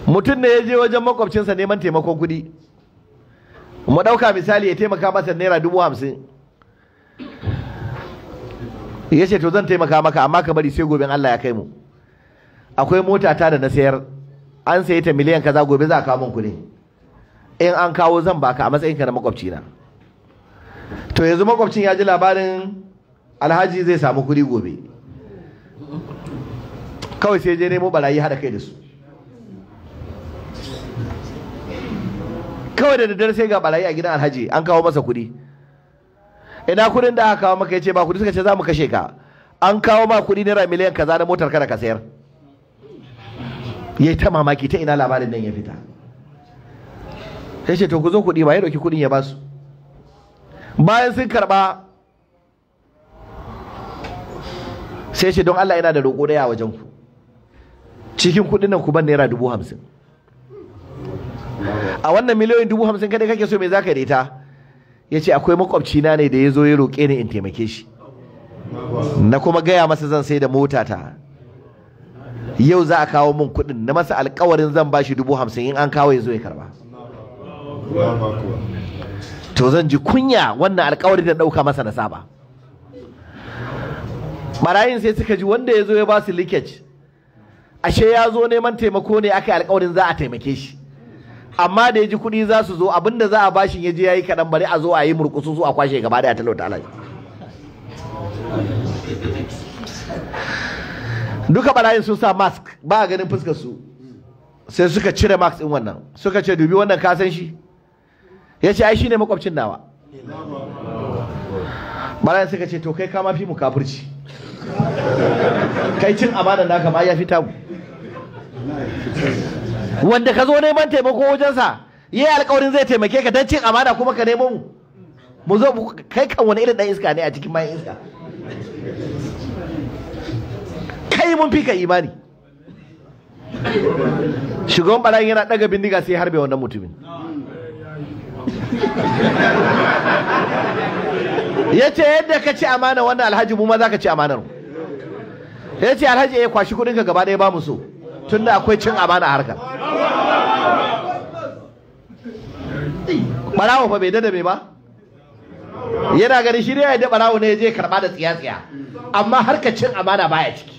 mutum ne ya je wajen makwabcinsa neman taimakon kuɗi mu ɗauka misali ya taimaka masa naira dubu hamsin ya ce to zan taimaka maka amma ka bari sai gobe Allah ya kai mu akwai mota ta da na sayar an saye ta miliyan kaza gobe za a kawo min kuɗi in an kawo zan baka a matsayin ka na makwabci na to yanzu makwabcin ya ji labarin alhaji zai samu kuɗi gobe kawai sai je nemo barayi haɗa kai da su kawai da daddare sai ga barayi a gidan alhaji an kawo masa kuɗi ina kudin da aka kawo maka yace ba kudi suka ce za mu kashe ka an kawo ma kudi naira miliyan kaza na motar kada ka sayar yayi ta mamaki ta ina labarin nan ya fita sai ce to ku zo kudi ba ya dauki kudin ya basu bayan sun karba sai ce don Allah yana da roƙo daya a wajen ku cikin kudin nan ku ban naira dubu hamsin a wannan miliyoyin dubu hamsin kadai kake so me zaka da ita ya ce akwai makwabcina ne da ya zo ya roƙe ni in taimake shi na kuma gaya masa zan sai da motata yau za a kawo min kuɗin na masa alkawarin zan ba shi dubu hamsin in an kawo ya zo ya karba to zan ji kunya wannan alkawarin da ɗauka masa na saba barayin sai suka ji wanda ya zo ya ba su likage ashe ya zo neman taimako ne aka yi alkawarin za a taimake shi amma da ya ji kuɗi za su zo abinda za a bashi ya je ya yi kaɗan bari a zo a yi murkusu su a kwashe gaba da talauta alaji duka barayin sun sa mask ba a ganin fuskar su sai suka cire mask din wannan suka ce dubi wannan ka san shi ya ce ai shine makwabcin nawa barayin suka ce to kai ka ma fi mu kafirci kai cin amana naka ma ya fi tamu wanda ka zo neman taimako wajensa yi alkawarin zai taimake ka don cin amana kuma ka nemo mu mu zo kai kan wani irin dan iska ne a cikin mayan iska kai mun fi ka imani shugaban barayin yana daga bindiga sai harbe wannan mutumin ya ce yadda ka ci amana wannan alhaji mu ma za ka ci amanar ya ce alhaji ya eh, kwashi kudinka gaba ɗaya ba mu so tunda akwai cin amana harkar barawo fa bai dada bai ba yana gani shi ne ya da barawo ne ya je karba da tsiya tsiya amma harkar cin amana baya ciki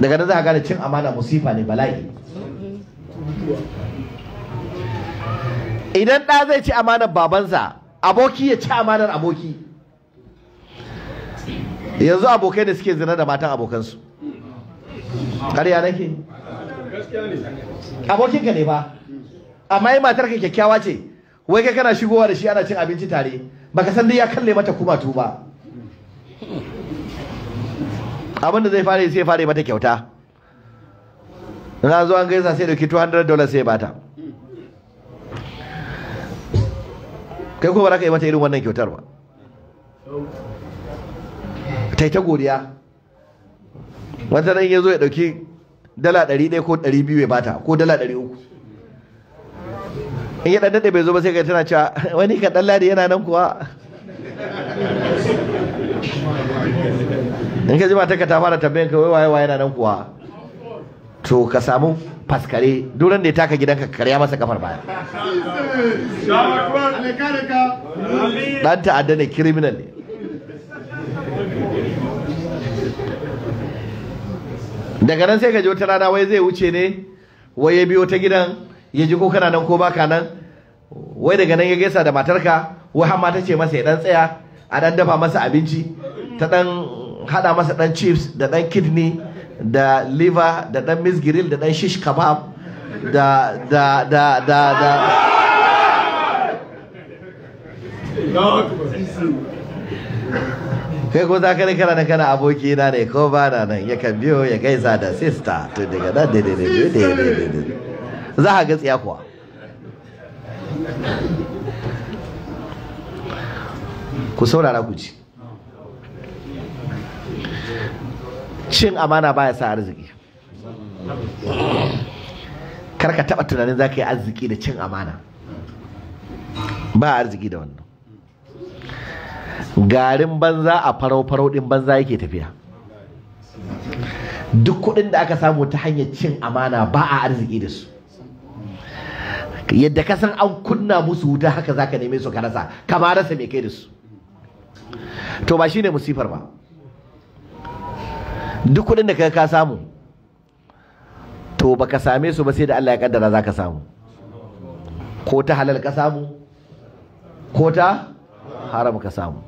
daga nan za a gane cin amana musifa ne bala'i idan ɗa zai ci amanar babansa aboki ya ci amanar aboki yanzu abokai da suke zina da matan abokansu ƙarya nake abokinka ne ba amma yi matar ka kyakkyawa ce wai kai kana shigowa da shi ana cin abinci tare baka san dai ya kalle mata kuma tu ba abin da zai fare sai fare mata kyauta na zo an gaisa sai dauki 200 dollars sai bata kai ko ba za ka yi mata irin wannan kyautar ba ta yi ta godiya wata nan ya zo ya ɗauki dala ɗari ɗaya ko ɗari biyu ya bata ko dala ɗari uku in ya ɗan daɗe bai zo ba sai ka tana cewa wani ka ɗan ladi yana nan kuwa in ka ji matarka ta fara tambayan ka waye waye yana nan kuwa to ka samu faskare duran da ya taka gidanka ka karya masa kafar baya Ɗan ta'adda ne criminal ne daga nan sai ga rana wai zai wuce ne wai ya biyo ta gidan ya ji ko kana nan ko baka nan wai daga nan ya gaisa da matarka wai har ta ce masa ya dan tsaya a dan dafa masa abinci ta dan hada masa dan chips da dan kidney da liver da dan miss grill da dan shish kebab da da da da da kai ko za ka kana nan kana aboki na ne ko ba na nan ya kan biyo ya gaisa da sista to daga nan da da da za ka ga tsiya kuwa ku saurara ku ci cin amana baya sa arziki kar ka taba tunanin za ka yi arziki da cin amana ba arziki da wannan garin banza a farau-farau din banza yake tafiya duk kuɗin da aka samu ta hanyar cin amana ba a arziki da su yadda ka san an kunna musu wuta haka zaka neme su ka rasa ka ma rasa mai kai da su to ba shine musifar ba duk kuɗin da ka samu to baka same su ba sai da Allah ya kaddara zaka samu ko ta halal ka samu ko ta haram ka samu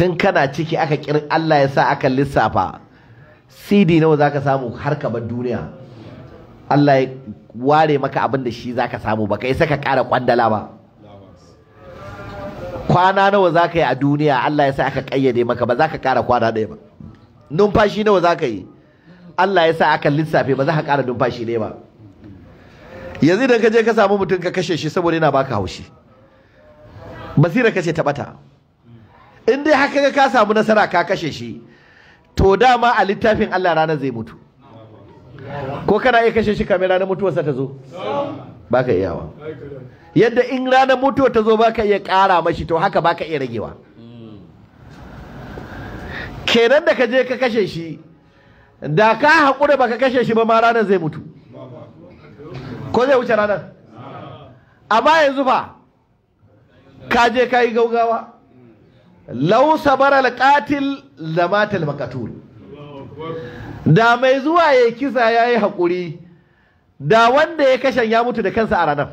tun kana ciki aka kirin Allah ya sa aka lissafa CD nawa zaka samu har ka bar duniya Allah ya ware maka abin da shi zaka samu ba kai saka ƙara kwandala ba kwana nawa zaka yi a duniya Allah ya sa aka kayyade maka ba zaka ƙara kwana ɗaya ba numfashi nawa zaka yi Allah ya sa aka lissafe ba za ka ƙara numfashi ɗaya ba yanzu idan ka je ka samu mutum ka kashe shi saboda yana baka haushi basira kace ta bata in dai haka ka samu nasara ka kashe shi to dama a littafin Allah ranar zai mutu ko kana iya kashe shi kamar ranar mutuwarsa ta zo baka iyawa yadda in ranar mutuwa ta zo baka iya ƙara mashi to haka baka iya ragewa kenan da ka je ka kashe shi da ka haƙura baka kashe shi ba ma ranar zai mutu ko zai wuce ranar amma yanzu fa ka je kayi gaugawa lau katil qatil lamatal maqtul da mai zuwa ya kisa ya yi da wanda ya kashe ya mutu da kansa a ranar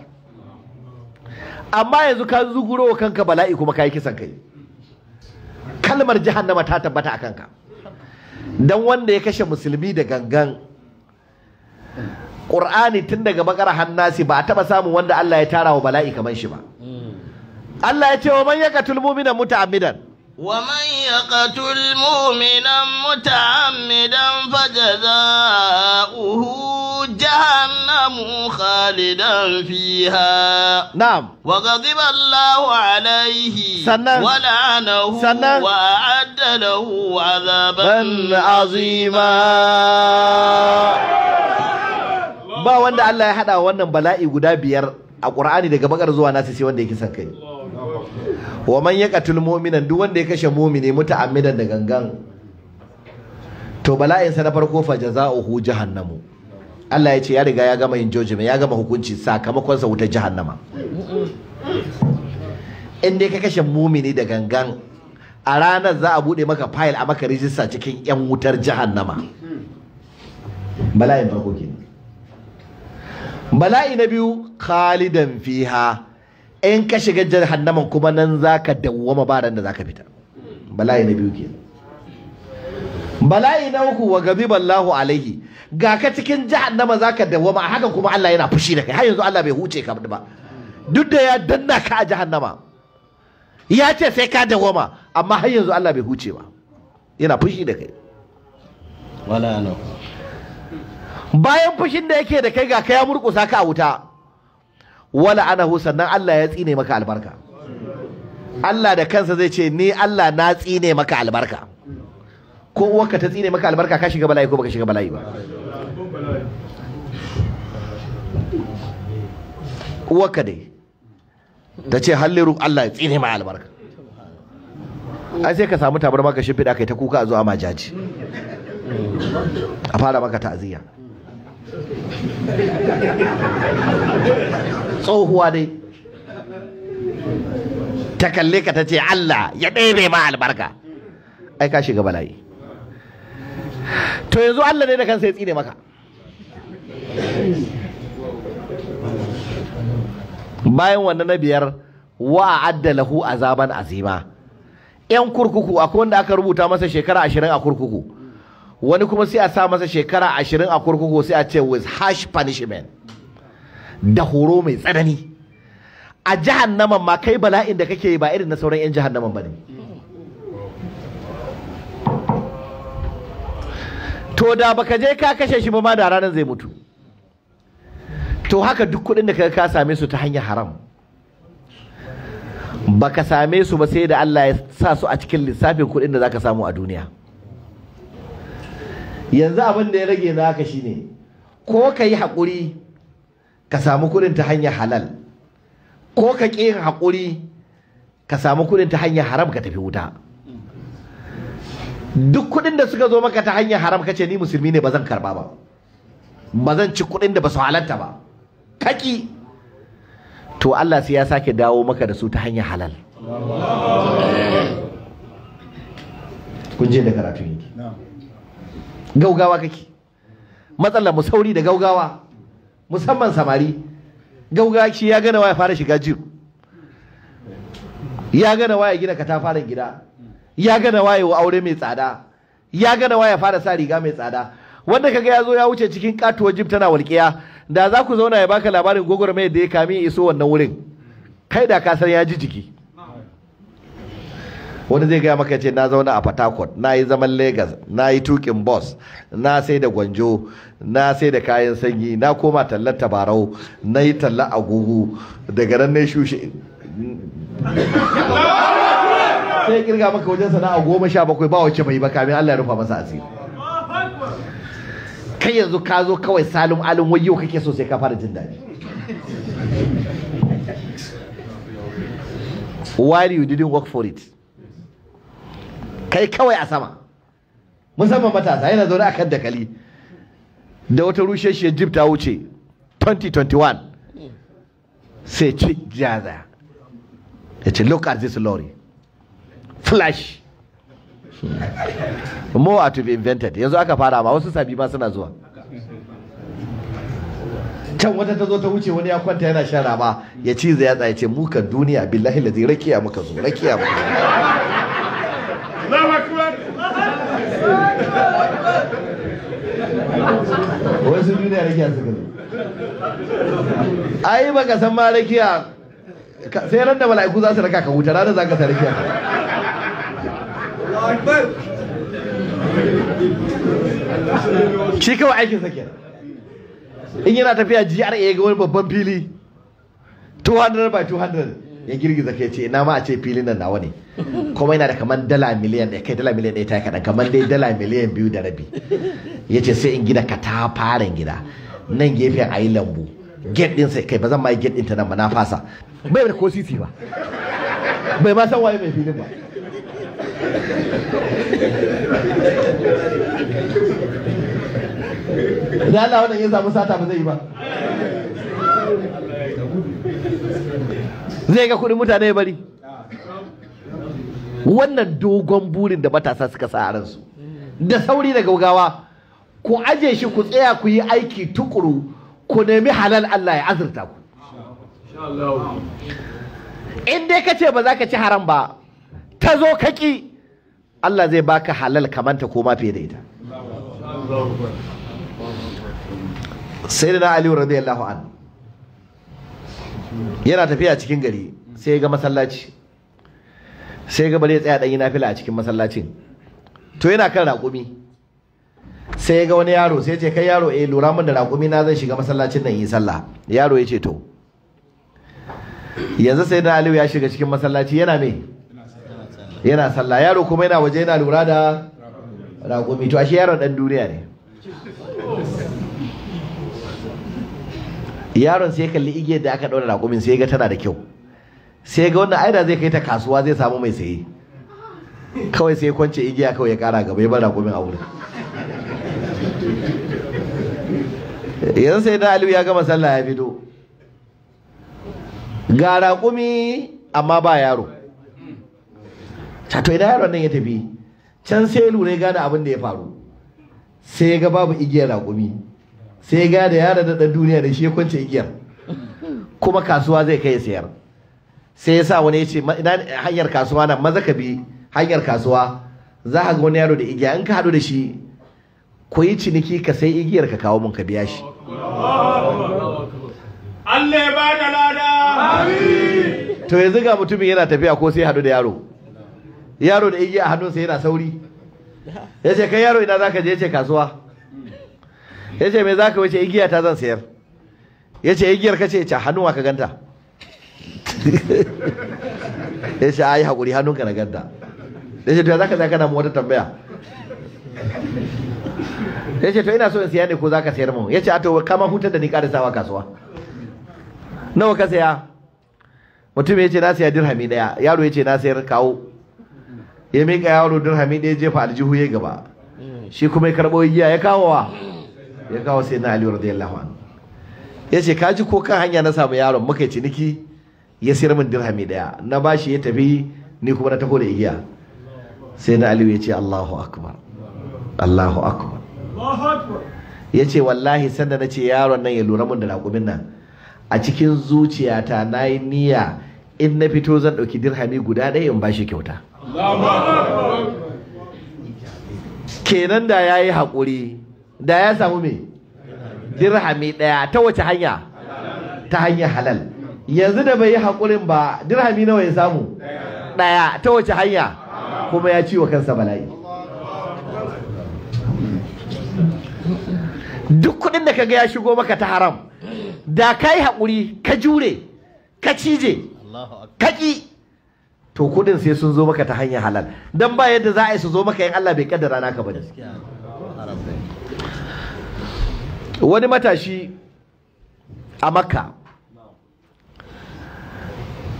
amma yanzu ka zuguro kanka bala'i kuma ka yi kisan kai kalmar jahannama ta tabbata a kanka don wanda ya kashe musulmi da gangan ƙur'ani tun daga bakar hannasi ba a taɓa samun wanda Allah ya tara wa bala'i kamar shi ba mm. Allah ya ce wa man yaqatul mu'mina muta'ammidan ومن يقتل مؤمنا متعمدا فجزاؤه جهنم خالدا فيها نعم وغضب الله عليه سنة ولعنه سنة وأعد له عذابا azima. ba wanda Allah ya hada wannan bala'i guda biyar a Qur'ani daga bakar zuwa nasi sai wanda yake kisan kai wa man yaqatul mu'minan duk wanda ya kashe mu'mini muta'ammidan da gangan to bala'in sa na farko fa jaza'uhu jahannamu Allah ya ce ya riga ya gama yin jojima ya gama hukunci sakamakon sa wuta jahannama in dai ka kashe mumini da gangan a ranar za a bude maka fayil a maka rijista cikin yan wutar jahannama bala'in farko kenan bala'i na biyu khalidan fiha in ka shiga jahannaman kuma nan zaka dawwama ba ran da zaka fita bala'i na biyu kenan bala'i na uku wa gabi b'Allahu alaihi ga ka cikin jahannama zaka dawwama haka kuma Allah yana fushi da kai har yanzu Allah bai huce ka ba duk da ya danna ka a jahannama ya ce sai ka dawwama amma har yanzu Allah bai huce ba yana fushi da kai wala bayan fushin da yake da kai ga ka ya murkusa ka a wuta wala anahu sannan Allah ya tsine maka albarka Allah da kansa zai ce ni Allah na tsine maka albarka ko uwarka ta tsine maka albarka ka shiga bala'i ko baka shiga bala'i ba uwarka dai ta ce halliru Allah ya tsine ma albarka ai sai ka samu tabarma ka shimfiɗa kai ta kuka a zuwa majaji a fara maka ta'aziyya tsohuwa dai ta kalle ka ta ce Allah ya ɗebe ma albarka ai ka shiga bala'i to yanzu Allah ne da kansa ya tsine maka bayan wannan na biyar wa adda lahu azaban azima yan kurkuku akwai wanda aka rubuta masa shekara ashirin a kurkuku wani kuma sai a sa masa shekara ashirin a kurkuku sai a ce with harsh punishment da horo mai tsanani a jahannaman ma kai bala'in da kake yi ba irin na sauran 'yan jahannaman ba ne to da baka je ka kashe shi ba ma da ranar zai mutu to haka duk kudin da ka same su ta hanyar haram baka same su ba sai da Allah ya sa su a cikin lissafin kudin da zaka samu a duniya yanzu abin da ya rage naka shine ko ka yi haƙuri ka samu kuɗin ta hanyar halal ko ka ƙi haƙuri ka samu kuɗin ta hanyar haram ka tafi wuta duk kuɗin da suka zo maka ta hanyar haram ka ce ni musulmi ne ba zan karba ba ba zan ci kuɗin da ba su halatta ba kaki to Allah sai ya sake dawo maka da su ta hanyar halal kun je da gaugawa kake matsalar mu sauri da gaugawa musamman samari gaugawa shi ya gana waya fara shiga jim ya gana waya gina katafaren gida ya gana waya wa aure mai tsada ya gana waya fara sa riga mai tsada wanda kaga ya zo ya wuce cikin katuwar jib tana walƙiya da za ku zauna ya baka labarin gwagwarmayar mai da ya kami iso wannan wurin kai da kasar ya ji jiki wani zai gaya maka ce na zauna a Fatakwat, na yi zaman Legas, na yi tukin bus, na sai da gwanjo, na sai da kayan sanyi, na koma tallar tabarau, na yi tallar agugu, daga nan na yi shushe. Sai kirga maka wajen sana'a goma sha bakwai ba wacce bai baka min, Allah ya rufa masa asiri. Kai yanzu ka zo kawai salim alin wayo kake so sai ka fara jin daɗi. While you didn't work for it. kai kawai a sama musamman matasa yana zaune a kan dakali da wata rushe jib ta wuce 2021 sai ci jaza ya ce look at this lorry flash more are to be invented yanzu aka fara ma wasu sabi ma suna zuwa can wata ta zo ta wuce wani ya kwanta yana shan rama ya ci zai ya ce muka duniya billahi lazi rakiya muka zo rakiya muka zo Allahu akbar wasu duniya rakiya suka zo ai san ma sai ran da mala'iku za su raka ka wuta ranar za ka sa rakiya shi kawai aikin sa kenan in yana tafiya GRA ga wani babban fili 200 by 200 ya girgiza kai ce ina ma a ce filin nan nawa ne kuma yana da kamar dala miliyan ɗaya kai dala miliyan ɗaya ta kaɗan kamar dai dala miliyan biyu da rabi ya ce sai in gina fara gida nan gefen a yi lambu get ɗin sai kai ba zan ma yi get ɗin ta nan ba na fasa bai da ko sisi ba bai ma san waye mai filin ba da Allah wannan ya samu sata ba zai yi ba zai ga kudin mutane bari wannan dogon burin da matasa suka sa a ransu da sauri da gaugawa ku aje shi ku tsaya ku yi aiki tukuru ku nemi halal Allah ya azurta ku in dai ka ce ba za ka ci haram ba ta zo kaki Allah zai baka halal kamanta ko ma fiye da ita sai da na aliyu radiyallahu anhu yana tafiya cikin gari sai ya ga masallaci sai ga bare ya tsaya dan yi nafila a cikin masallacin to yana kan raƙumi sai ya ga wani yaro sai ce kai yaro eh lura min da raƙumi na zan shiga masallacin nan yi sallah yaro ya ce to yanzu sai na Aliyu ya shiga cikin masallaci yana me yana sallah yaro kuma yana waje yana lura da raƙumi to ashe yaron dan duniya ne yaron sai kalli igiyar da aka ɗaura raƙumin sai ga tana da kyau sai ga wannan aida zai kai ta kasuwa zai samu mai saye kawai sai kwance igiya kawai ya kara gaba ya bar raƙumin a wurin yanzu sai na aliyu ya gama sallah ya fito ga raƙumi amma ba yaro to idan yaron nan ya tafi can sai lura ya gane abin da ya faru sai ya ga babu igiyar raƙumi sai ga da yara da duniya da shi ya kwance igiyar kuma kasuwa zai kai sayar sai ya sa wani ya ce hanyar kasuwa na maza ka bi hanyar kasuwa za ka ga wani yaro da igiya in ka haɗu da shi ku yi ciniki ka sai igiyar ka kawo mun ka biya shi Allah ba da lada to yanzu ga mutumin yana tafiya ko sai haɗu da yaro yaro da igiya a hannunsa yana sauri ya ce kai yaro ina za ka je ce kasuwa ya ce mai za ka wace igiya ta zan sayar ya ce igiyar ka ce ce hannuwa ka ganta ya ce a yi haƙuri hannunka na ganta ya ce to ya za ka zaka na wata tambaya ya ce to ina so in siya ne ko za ka sayar mu ya ce a to kama hutar da ni ƙarisawa kasuwa nawa ka saya mutum ya ce na siya dirhami daya yaro ya ce na sayar kawo ya miƙa yaro dirhami daya jefa aljihu ya gaba shi kuma ya karɓo igiya ya kawo wa ya kawo sai na Ali radiyallahu anhu ya ce kaji ko kan hanya na samu yaron muka ciniki ya sayar min dirhami daya na bashi ya tafi ni kuma na taho da igiya sai na Ali ya ce Allahu akbar Allahu akbar ya ce wallahi sanda na ce yaron nan ya lura min da raƙumin nan a cikin zuciyata na yi niyya in na fito zan ɗauki dirhami guda ɗaya in ba shi kyauta kenan da ya yi haƙuri da ya samu me dirhami ɗaya ta wace hanya ta hanya halal yanzu da bai yi haƙurin ba dirhami nawa ya samu ɗaya ta wace hanya kuma ya ciwo kansa bala'i duk kuɗin da kaga ya shigo maka ta haram da ka yi haƙuri ka jure ka cije ka ƙi to kuɗin sai sun zo maka ta hanya halal don ba yadda za a yi su zo maka yin Allah bai kaddara naka ba ne wani matashi a makka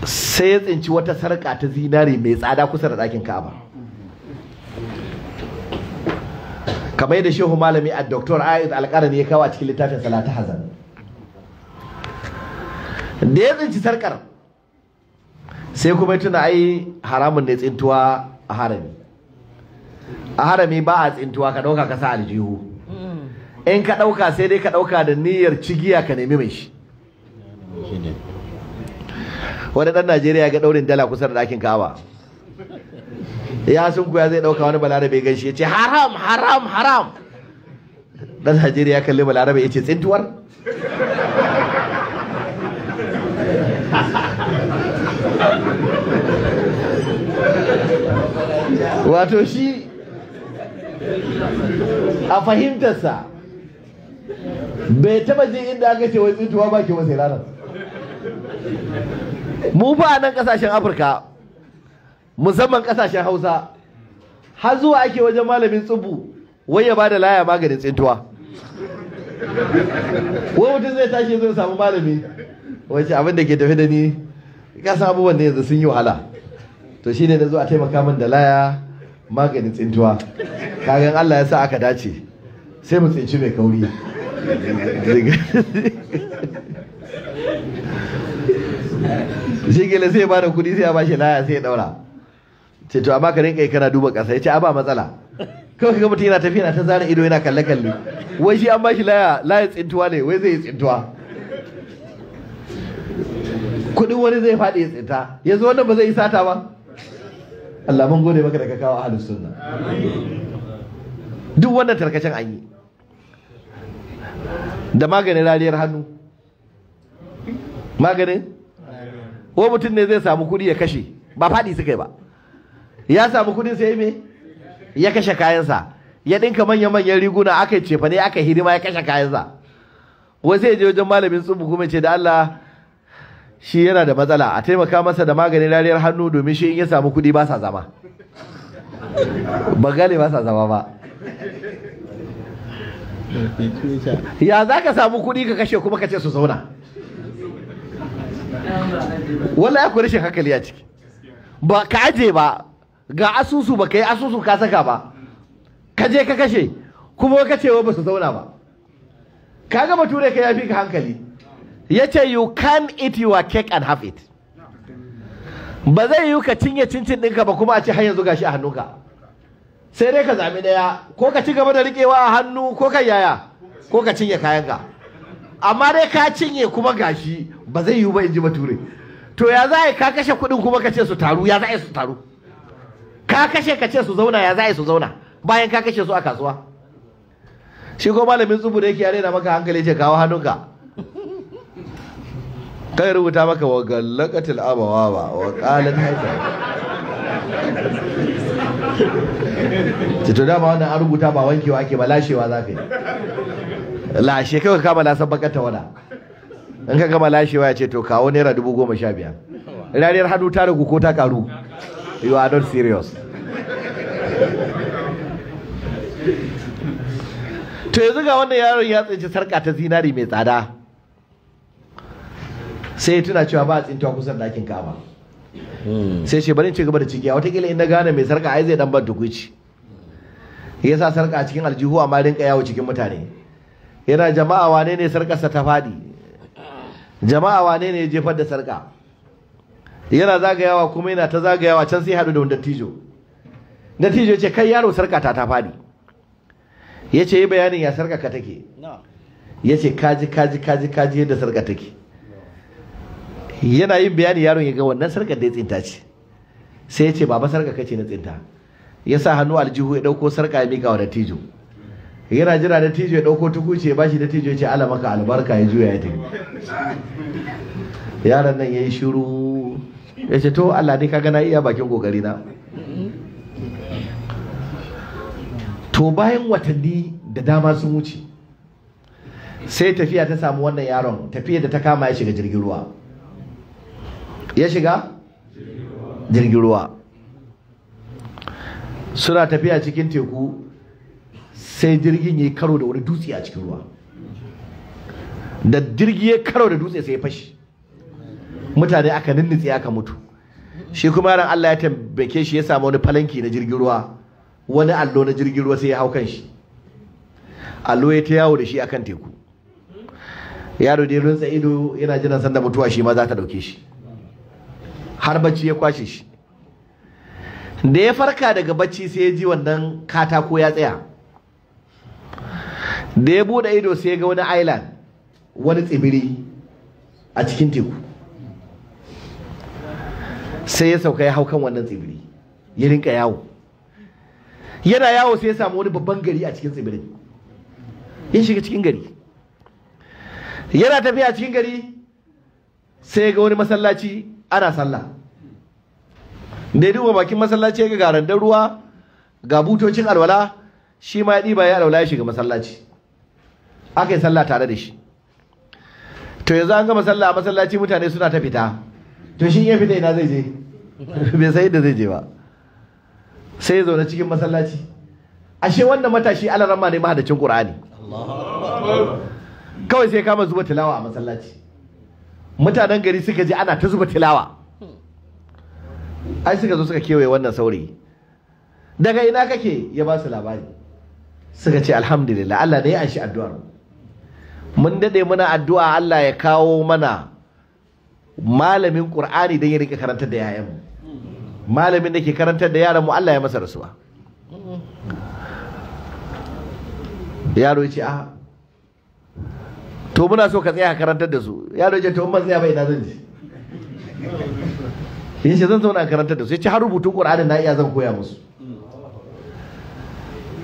sai ya tsinci wata sarƙa ta zinari mai tsada kusa da ɗakin ka'aba kamar yadda shehu malami a doktor ayat alƙarani ya kawo a cikin littafin Salatu hazan da ya tsinci sarƙar sai kuma ya tuna ai haramun ne tsintuwa a harami a harami ba a tsintuwa ka ɗauka ka sa aljihu in ka ɗauka sai dai ka ɗauka da niyyar cigiya ka nemi mai shi wani ɗan najeriya ga ɗaurin dala kusa da ɗakin kawa. ya sun kuya zai ɗauka wani balarabe gan shi ya ce haram haram haram ɗan najeriya kalli balarabe ya ce tsintuwar wato shi a fahimtarsa bai taba je inda aka ce wai tsintuwa ba ke wasu ranar mu ba nan kasashen afirka musamman kasashen hausa har zuwa ake wajen malamin tsubu wai ya bada laya maganin tsintuwa wai mutum zai tashi zai samu malami wace abin da ke tafi da ni ka san abubuwan da yanzu sun yi wahala to shine na zo a taimaka min da laya maganin tsintuwa kagan Allah ya sa aka dace sai mu tsinci mai kauri shi gele sai ba da kudi sai a bashi laya sai ya daura ce to amma ka rinka yi kana duba kasa ya ce a ba matsala kawai kaga mutum yana tafiya na ta zara ido yana kalle kalle wai shi an bashi laya laya tsintuwa ne wai zai yi tsintuwa kudin wani zai faɗi ya tsinta yanzu wannan ba zai yi sata ba Allah mun gode maka da ka kawo ahlus sunna duk wannan tarkacen an yi da maganin rariyar hannu maganin wa mutum ne zai samu kuɗi ya kashe ba faɗi suka yi ba ya samu kuɗin sai me ya kashe kayansa ya ɗinka manya-manyan riguna aka ce cefa ne aka hidima ya kashe kayansa wasu ya je wajen malamin tsubu kuma ce da Allah shi yana da matsala a taimaka masa da maganin rariyar hannu domin shi in ya samu kuɗi ba sa zama ba gane ba sa zama ba ya za ka samu kuɗi ka kashe kuma ka ce su zauna wala ya rashin hankali a ciki ba ka aje ba ga asusu ba ka yi asusu ka saka ba ka je ka kashe kuma ka ce ba su zauna ba ka gama Ture ka yafi ka hankali ya ce you can eat your cake and have it ba zai yi ka cinye cincin ɗinka ba kuma a ce har yanzu gashi a hannunka sai dai ka zaɓi ɗaya ko ka ci gaba da riƙewa a hannu ko ka yaya ko ka cinye kayan ka. amma dai ka cinye kuma gashi ba zai yiwu ba in ji bature to ya za ka kashe kuɗin kuma ka ce su taru ya za su taru ka kashe ka ce su zauna ya za su zauna bayan ka kashe su a kasuwa shi ko malamin tsubu da yake yare na maka hankali ce kawo hannunka kai rubuta maka wa gallakatil abawa ba wa qalat haifa cito to dama wannan an rubuta ba wankewa ake ba lashewa za ka lashe kawai kama na san bakar tawada in ka gama lashewa ya ce to kawo naira dubu goma sha biyar rariyar hannu ta ragu ko ta karu you are not serious to yanzu ga wannan yaron ya tsinci sarka ta zinari mai tsada sai ya tuna cewa ba a tsintuwa kusan dakin kama. Hmm. sai shi bari in ci gaba da ciki a watakila in na gane mai sarka ai zai dan bar tukuici ya sa sarka a cikin aljihu amma rinka yawo cikin mutane yana jama'a wane ne sarkarsa ta fadi jama'a wane ne ya jefar da sarka yana zagayawa kuma yana ta zagayawa can sai haɗu da wani dattijo dattijo ce kai yaro sarka ta ta fadi ya ce yi bayanin ya sarka ka take ya ce kaji kaji kaji kaji yadda sarka take yana yin bayani yaron ya ga wannan sarkar da ya tsinta ce sai ya ce baba sarka kace na tsinta ya sa hannu aljihu ya dauko sarka ya mika wa dattijo yana jira dattijo ya dauko tukuce ya bashi dattijo ya ce ala maka albarka ya juya ya tafi yaron nan yayi shiru ya ce to Allah dai kaga na iya bakin kokari na to bayan watanni da dama sun wuce sai tafiya ta samu wannan yaron tafiya da ta kama ya shiga jirgin ruwa ya shiga jirgin ruwa suna tafiya cikin teku sai jirgin ya yi karo da wani dutse a cikin ruwa da jirgi ya karo da dutse sai ya fashi mutane aka ninnitse aka mutu shi kuma yaran Allah ya tambake shi ya samu wani falanki na jirgin ruwa wani allo na jirgin ruwa sai ya hau kan allo ya ta yawo da shi akan teku yaro da ya runtsa ido yana jiran sanda mutuwa shi ma za ta dauke shi har bacci ya kwashe shi da ya farka daga bacci sai ya ji wannan katako ya tsaya da ya bude ido sai ya ga wani island wani tsibiri a cikin teku sai ya sauka ya hau kan wannan tsibiri ya rinka yawo yana yawo sai ya samu wani babban gari a cikin tsibirin ya shiga cikin gari yana tafiya cikin gari sai ya ga wani masallaci ana sallah da ya duba bakin masallaci ga garandar ruwa ga butocin alwala shi ma ya ɗiba ya alwala ya shiga masallaci aka yi sallah tare da shi to yanzu an ga sallah a masallaci mutane suna ta fita to shi ya fita ina zai je bai san yadda zai je ba sai ya na cikin masallaci ashe wanda matashi alarama ne mahadacin qur'ani kawai sai kama zuba tilawa a masallaci mutanen gari suka ji ana ta zuba tilawa ai suka zo suka kewaye wannan saurayi daga ina kake ya ba su labari suka ce alhamdulillah Allah ne ya shi addu'ar mun dade muna addu'a Allah ya kawo mana malamin Qur'ani dan ya rika karantar da yayan mu malamin da ke karantar da yaran mu Allah ya masa rasuwa yaro ya ce a to muna so ka tsaya karantar da su ya ce to ban zai ba na zan ji in shi zan zauna karantar da su ya ci har rubutu qur'ani na iya zan koya musu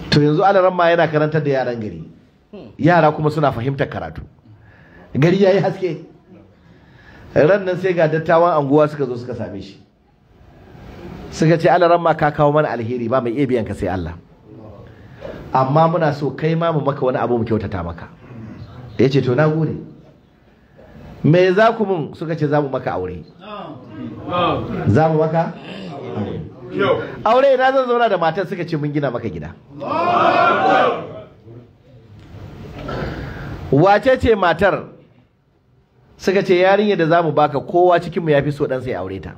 to yanzu alaran ma yana karantar da yaran gari yara kuma suna fahimtar karatu gari yayi haske ran nan sai ga dattawan anguwa suka zo suka same shi suka ce alaran ma ka kawo mana alheri ba mai iya biyan ka sai Allah amma muna so kai ma mu maka wani abu mu kyautata maka ya ce to na gode me za ku mun suka ce za mu maka aure za mu maka aure na zan zauna da matar suka ce mun gina maka gida wace ce matar suka ce yarinya da za mu baka kowa cikinmu ya fi so ɗansa ya aure ta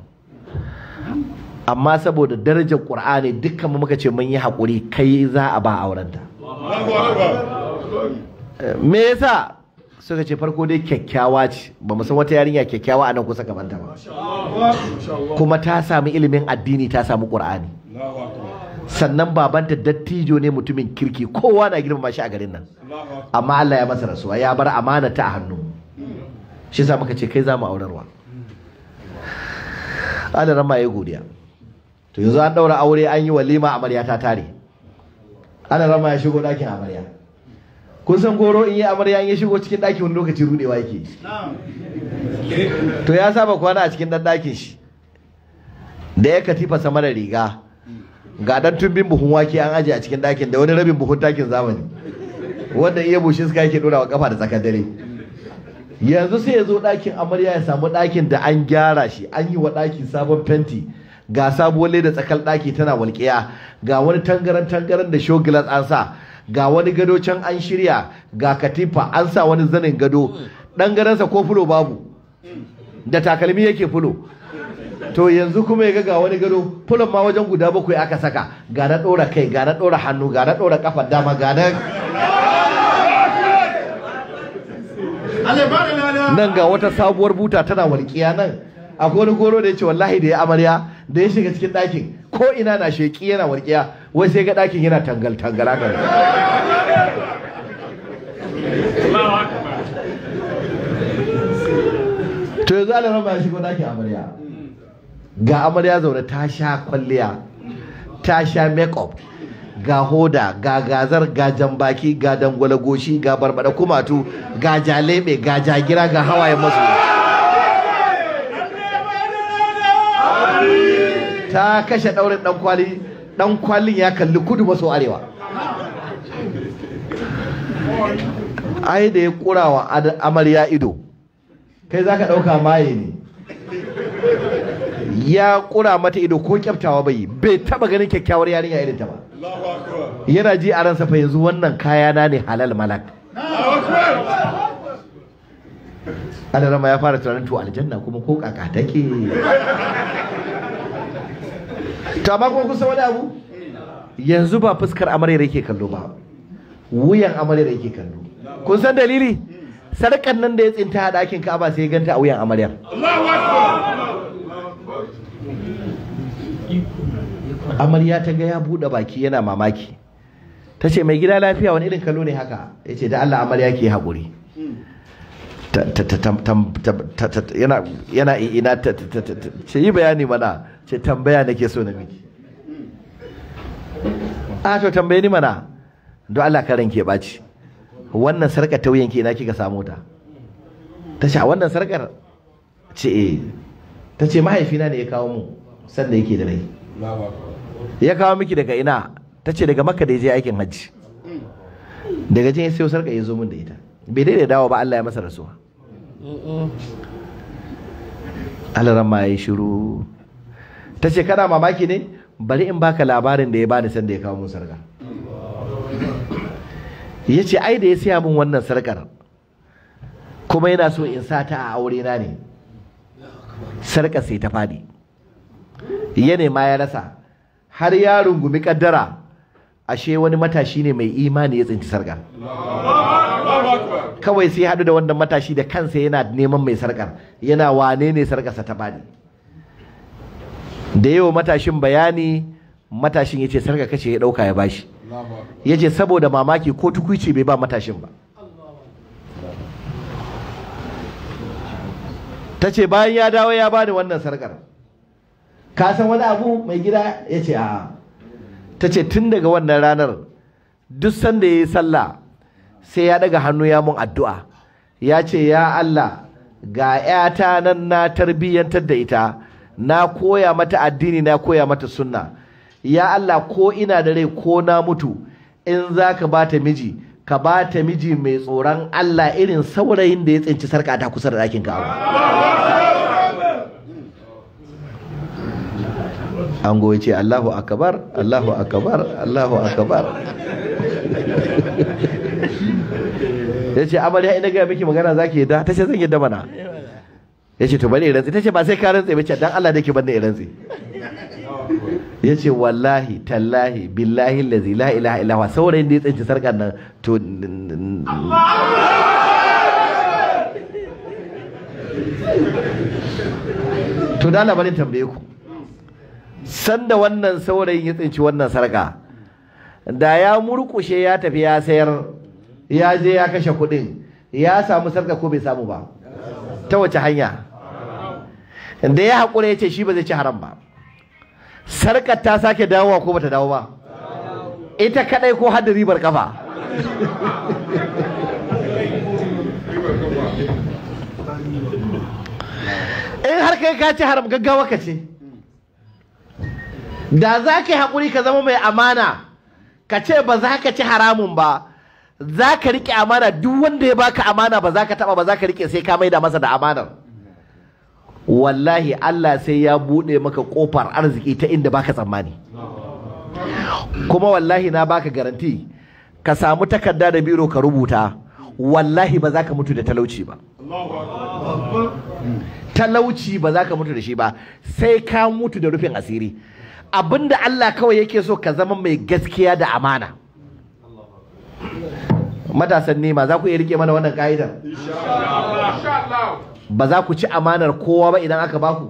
amma saboda darajar ƙur'ani dukkan mu muka ce mun yi haƙuri kai za a ba aurenta me yasa suka ce farko dai kyakkyawa ce ba san wata yarinya kyakkyawa a nan kusa gaban ta ba kuma ta sami ilimin addini ta samu qur'ani sannan babanta dattijo ne mutumin kirki kowa na girmama shi a garin nan amma Allah ya masa rasuwa ya bar amana ta a hannu shi sa muka ce kai za mu aurarwa Allah ran ma ya godiya to yanzu an daura aure an yi walima amarya ta tare Allah ran ma ya shigo dakin amarya kun san goro in yi amarya in ya shigo cikin daki wani lokaci rudewa yake to ya saba kwana a cikin ɗan shi da ya katifa sama da riga ga dan tumbin buhun wake an aje a cikin ɗakin da wani rabin buhun takin zamani wanda iya bushe suka yake dora wa kafa da tsakar dare yanzu sai ya zo ɗakin amarya ya samu ɗakin da an gyara shi an yi wa ɗaki sabon fenti ga sabuwar leda tsakar ɗaki tana walƙiya ga wani tangaran tangaran da shogilas an sa ga wani gado can an shirya ga katifa an sa wani zanin gado dan gadansa ko fulo babu da takalmi yake fulo to yanzu kuma ya ga wani gado fulon ma wajen guda bakwai aka saka ga na ɗora kai ga ɗora hannu ga ɗora kafar dama ga nan ga wata sabuwar buta tana walƙiya nan akwai wani goro da ya ce wallahi da ya amarya da ya shiga cikin ɗakin ko ina na sheƙi yana walƙiya wai sai ga ɗakin yana tangal tangal haka to yanzu ala rama ya shigo ɗakin amarya ga amarya zaune ta sha kwalliya ta sha makeup ga hoda ga gazar ga jambaki ga dangwala goshi ga barbada kumatu ga jalebe ga jagira ga hawaye masu ta kashe daurin dan kwali Ɗan kwalin ya kalli kudu maso arewa ai da ya kura wa amarya ido kai za ka ɗauka maye ne ya kura mata ido ko kyaftawa bai bai taba ganin kyakkyawar yarinya irin ta ba yana ji a ransa fa yanzu wannan kaya na ne halal malak Allah ya fara tunanin to aljanna kuma ko kaka take ta ma kuma kusa wani abu yanzu ba fuskar amaryar yake kallo ba wuyan amaryar yake kallo kun san dalili Sarkar nan da ya tsinta a ɗakin ka'aba sai ya ganta a wuyan amaryar amarya ta ga ya buɗe baki yana mamaki ta ce mai gida lafiya wani irin kallo ne haka ya ce da allah amarya ke haƙuri yana ina ce yi bayani mana ce tambaya nake so na miki a to tambaye ni mana don Allah karan ke ɓaci wannan sarkar ta ke na kika samu ta ta ce wannan sarkar ce eh ta ce mahaifina ne ya kawo mu sanda yake da rai ya kawo miki daga ina ta ce daga makka da ya je aikin hajji daga jin sai sarka ya zo min da ita bai daidai dawo ba Allah ya masa rasuwa Allah ma ya shiru ta ce kana mamaki ne bari in baka labarin da ya bani sanda ya kawo mun sarka ya ce ai da ya siya min wannan sarkar kuma yana so in sa ta a aure na ne sarka sai ta fadi ya ma ya rasa har ya rungumi kaddara ashe wani matashi ne mai imani ya tsinci sarkar kawai sai haɗu da wannan matashi da kansa yana neman mai sarkar yana wane ne sarkarsa ta faɗi. da yawa matashin bayani matashin ya ce sarka kace ya dauka ya bashi Ya ce saboda mamaki ko tukuici bai ba matashin ba ta ce bayan ya dawo ya bani wannan sarkar ka san wani abu mai gida ya ce a ta ce tun daga wannan ranar duk sanda ya yi sallah sai ya daga hannu ya mun addu'a ya ce ya Allah ga 'yata nan na tarbiyyantar da ita na koya mata addini na koya mata sunna ya Allah ko ina da rai ko na mutu in za ka ba ta miji ka ba ta miji mai tsoron Allah irin saurayin da ya tsinci sarka ta kusa da ɗakin kawo an goyi ce Allahu akabar Allahu akabar Allahu akabar ya ce amarya ina ga miki magana zaki da ta ce zan da mana ya ce to bari rantsi ta ce ba sai ka rantsi ba ce dan Allah da ke banda rantsi ya ce wallahi tallahi billahi lazi la ilaha illa saurayin da ya tsanci sarkar nan to to da labarin tambaye ku sanda wannan saurayin ya tsinci wannan sarka da ya murkushe ya tafi ya sayar ya je ya kashe kuɗin ya samu sarka ko bai samu ba ta wace hanya da ya haƙura ya ce shi ba zai ci haram ba sarkar ta sake dawowa ko bata dawo ba ita kadai ko hada ribar kafa in har kai ka ci haram gaggawa ka ce da za ka yi haƙuri ka zama mai amana ka ce ba za ka ci haramun ba za ka riƙe amana duk wanda ya baka amana ba za ka taɓa ba za ka riƙe sai ka mai da masa da amanar wallahi Allah sai ya buɗe maka ƙofar arziki ta inda baka tsammani kuma wallahi na baka garanti ka samu takarda da biro ka rubuta wallahi ba za ka mutu da talauci ba talauci ba za ka mutu da shi ba sai ka mutu da rufin asiri abinda Allah kawai yake so ka zama mai gaskiya da amana matasan nema za ku iya rike mana wannan ka'idar ba za ku ci amanar kowa ba idan aka baku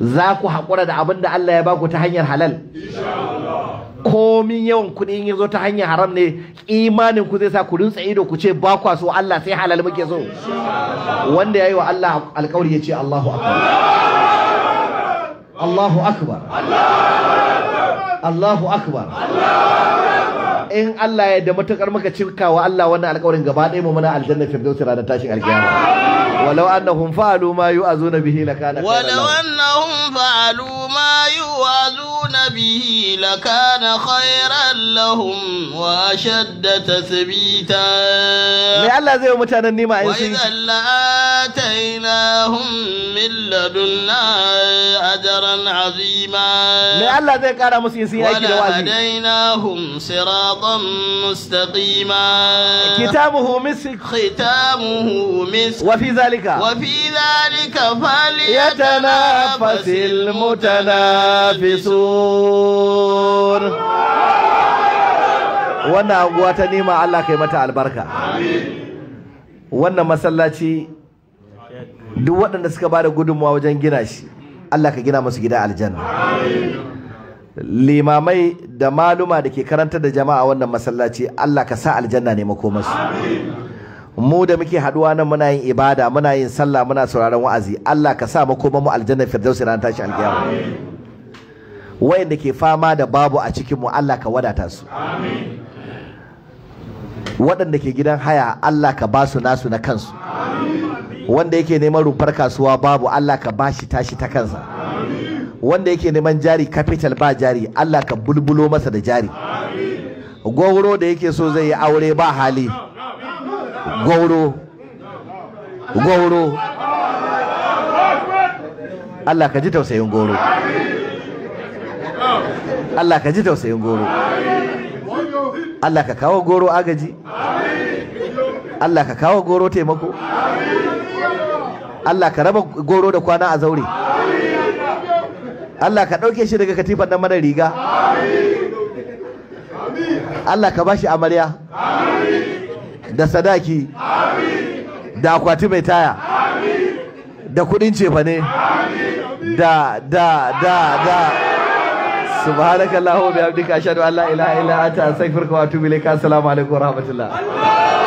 za ku haƙura da abin da Allah ya baku ta hanyar halal komin yawan kuɗi ya zo ta hanyar haram ne imanin ku zai sa ku rinsa ido ku ce ba kwa so Allah sai halal muke so wanda ya yi wa Allah alƙawari ya ce Allahu akbar Allahu akbar Allahu akbar in Allah ya da matukar muka wa Allah wannan alƙawarin gaba ɗaya mu muna aljanna firdausi ranar tashin alƙiyama walau annahum fa'alu ma yu'azuna bihi lakana walau annahum fa'alu ma yu'azuna يكفرون به لكان خيرا لهم وأشد تثبيتا وإذا لآتيناهم من لدنا أجرا عظيما ولهديناهم صراطا مستقيما كتابه مسك ختامه مسك وفي ذلك وفي ذلك فليتنافس المتنافسون masrur wannan anguwa ta nema Allah kai mata albarka wannan masallaci duk waɗanda suka bada gudunmawa wajen gina shi Allah ka gina musu gida aljanna limamai da maluma da ke karantar da jama'a wannan masallaci Allah ka sa aljanna ne makomansu mu da muke haduwa nan muna yin ibada muna yin sallah muna sauraron wa'azi Allah ka sa makoman mu aljanna firdausi ran tashi alkiyama wayanda ke fama da babu a cikin mu Allah ka wadata su waɗanda ke gidan haya Allah ka ba su nasu na kansu wanda yake neman rumfar kasuwa babu Allah ka ba shi tashi ta kansa wanda yake neman jari capital ba jari Allah ka bulbulo masa da jari gwauro da yake so zai yi aure ba hali gwauro gwauro Allah ka ji tausayin goro. Allah ka ji tausayin goro Allah ka kawo goro agaji Allah ka kawo goro taimako Allah ka raba goro da kwana a zaure Allah ka ɗauke shi daga katifan nan mara riga Allah ka bashi amarya da sadaki da akwati mai taya da kudin cefane da da da da subhanakallahumma wa bihamdika ashhadu an la ilaha illa anta astaghfiruka wa atubu ilaik assalamu alaikum wa rahmatullah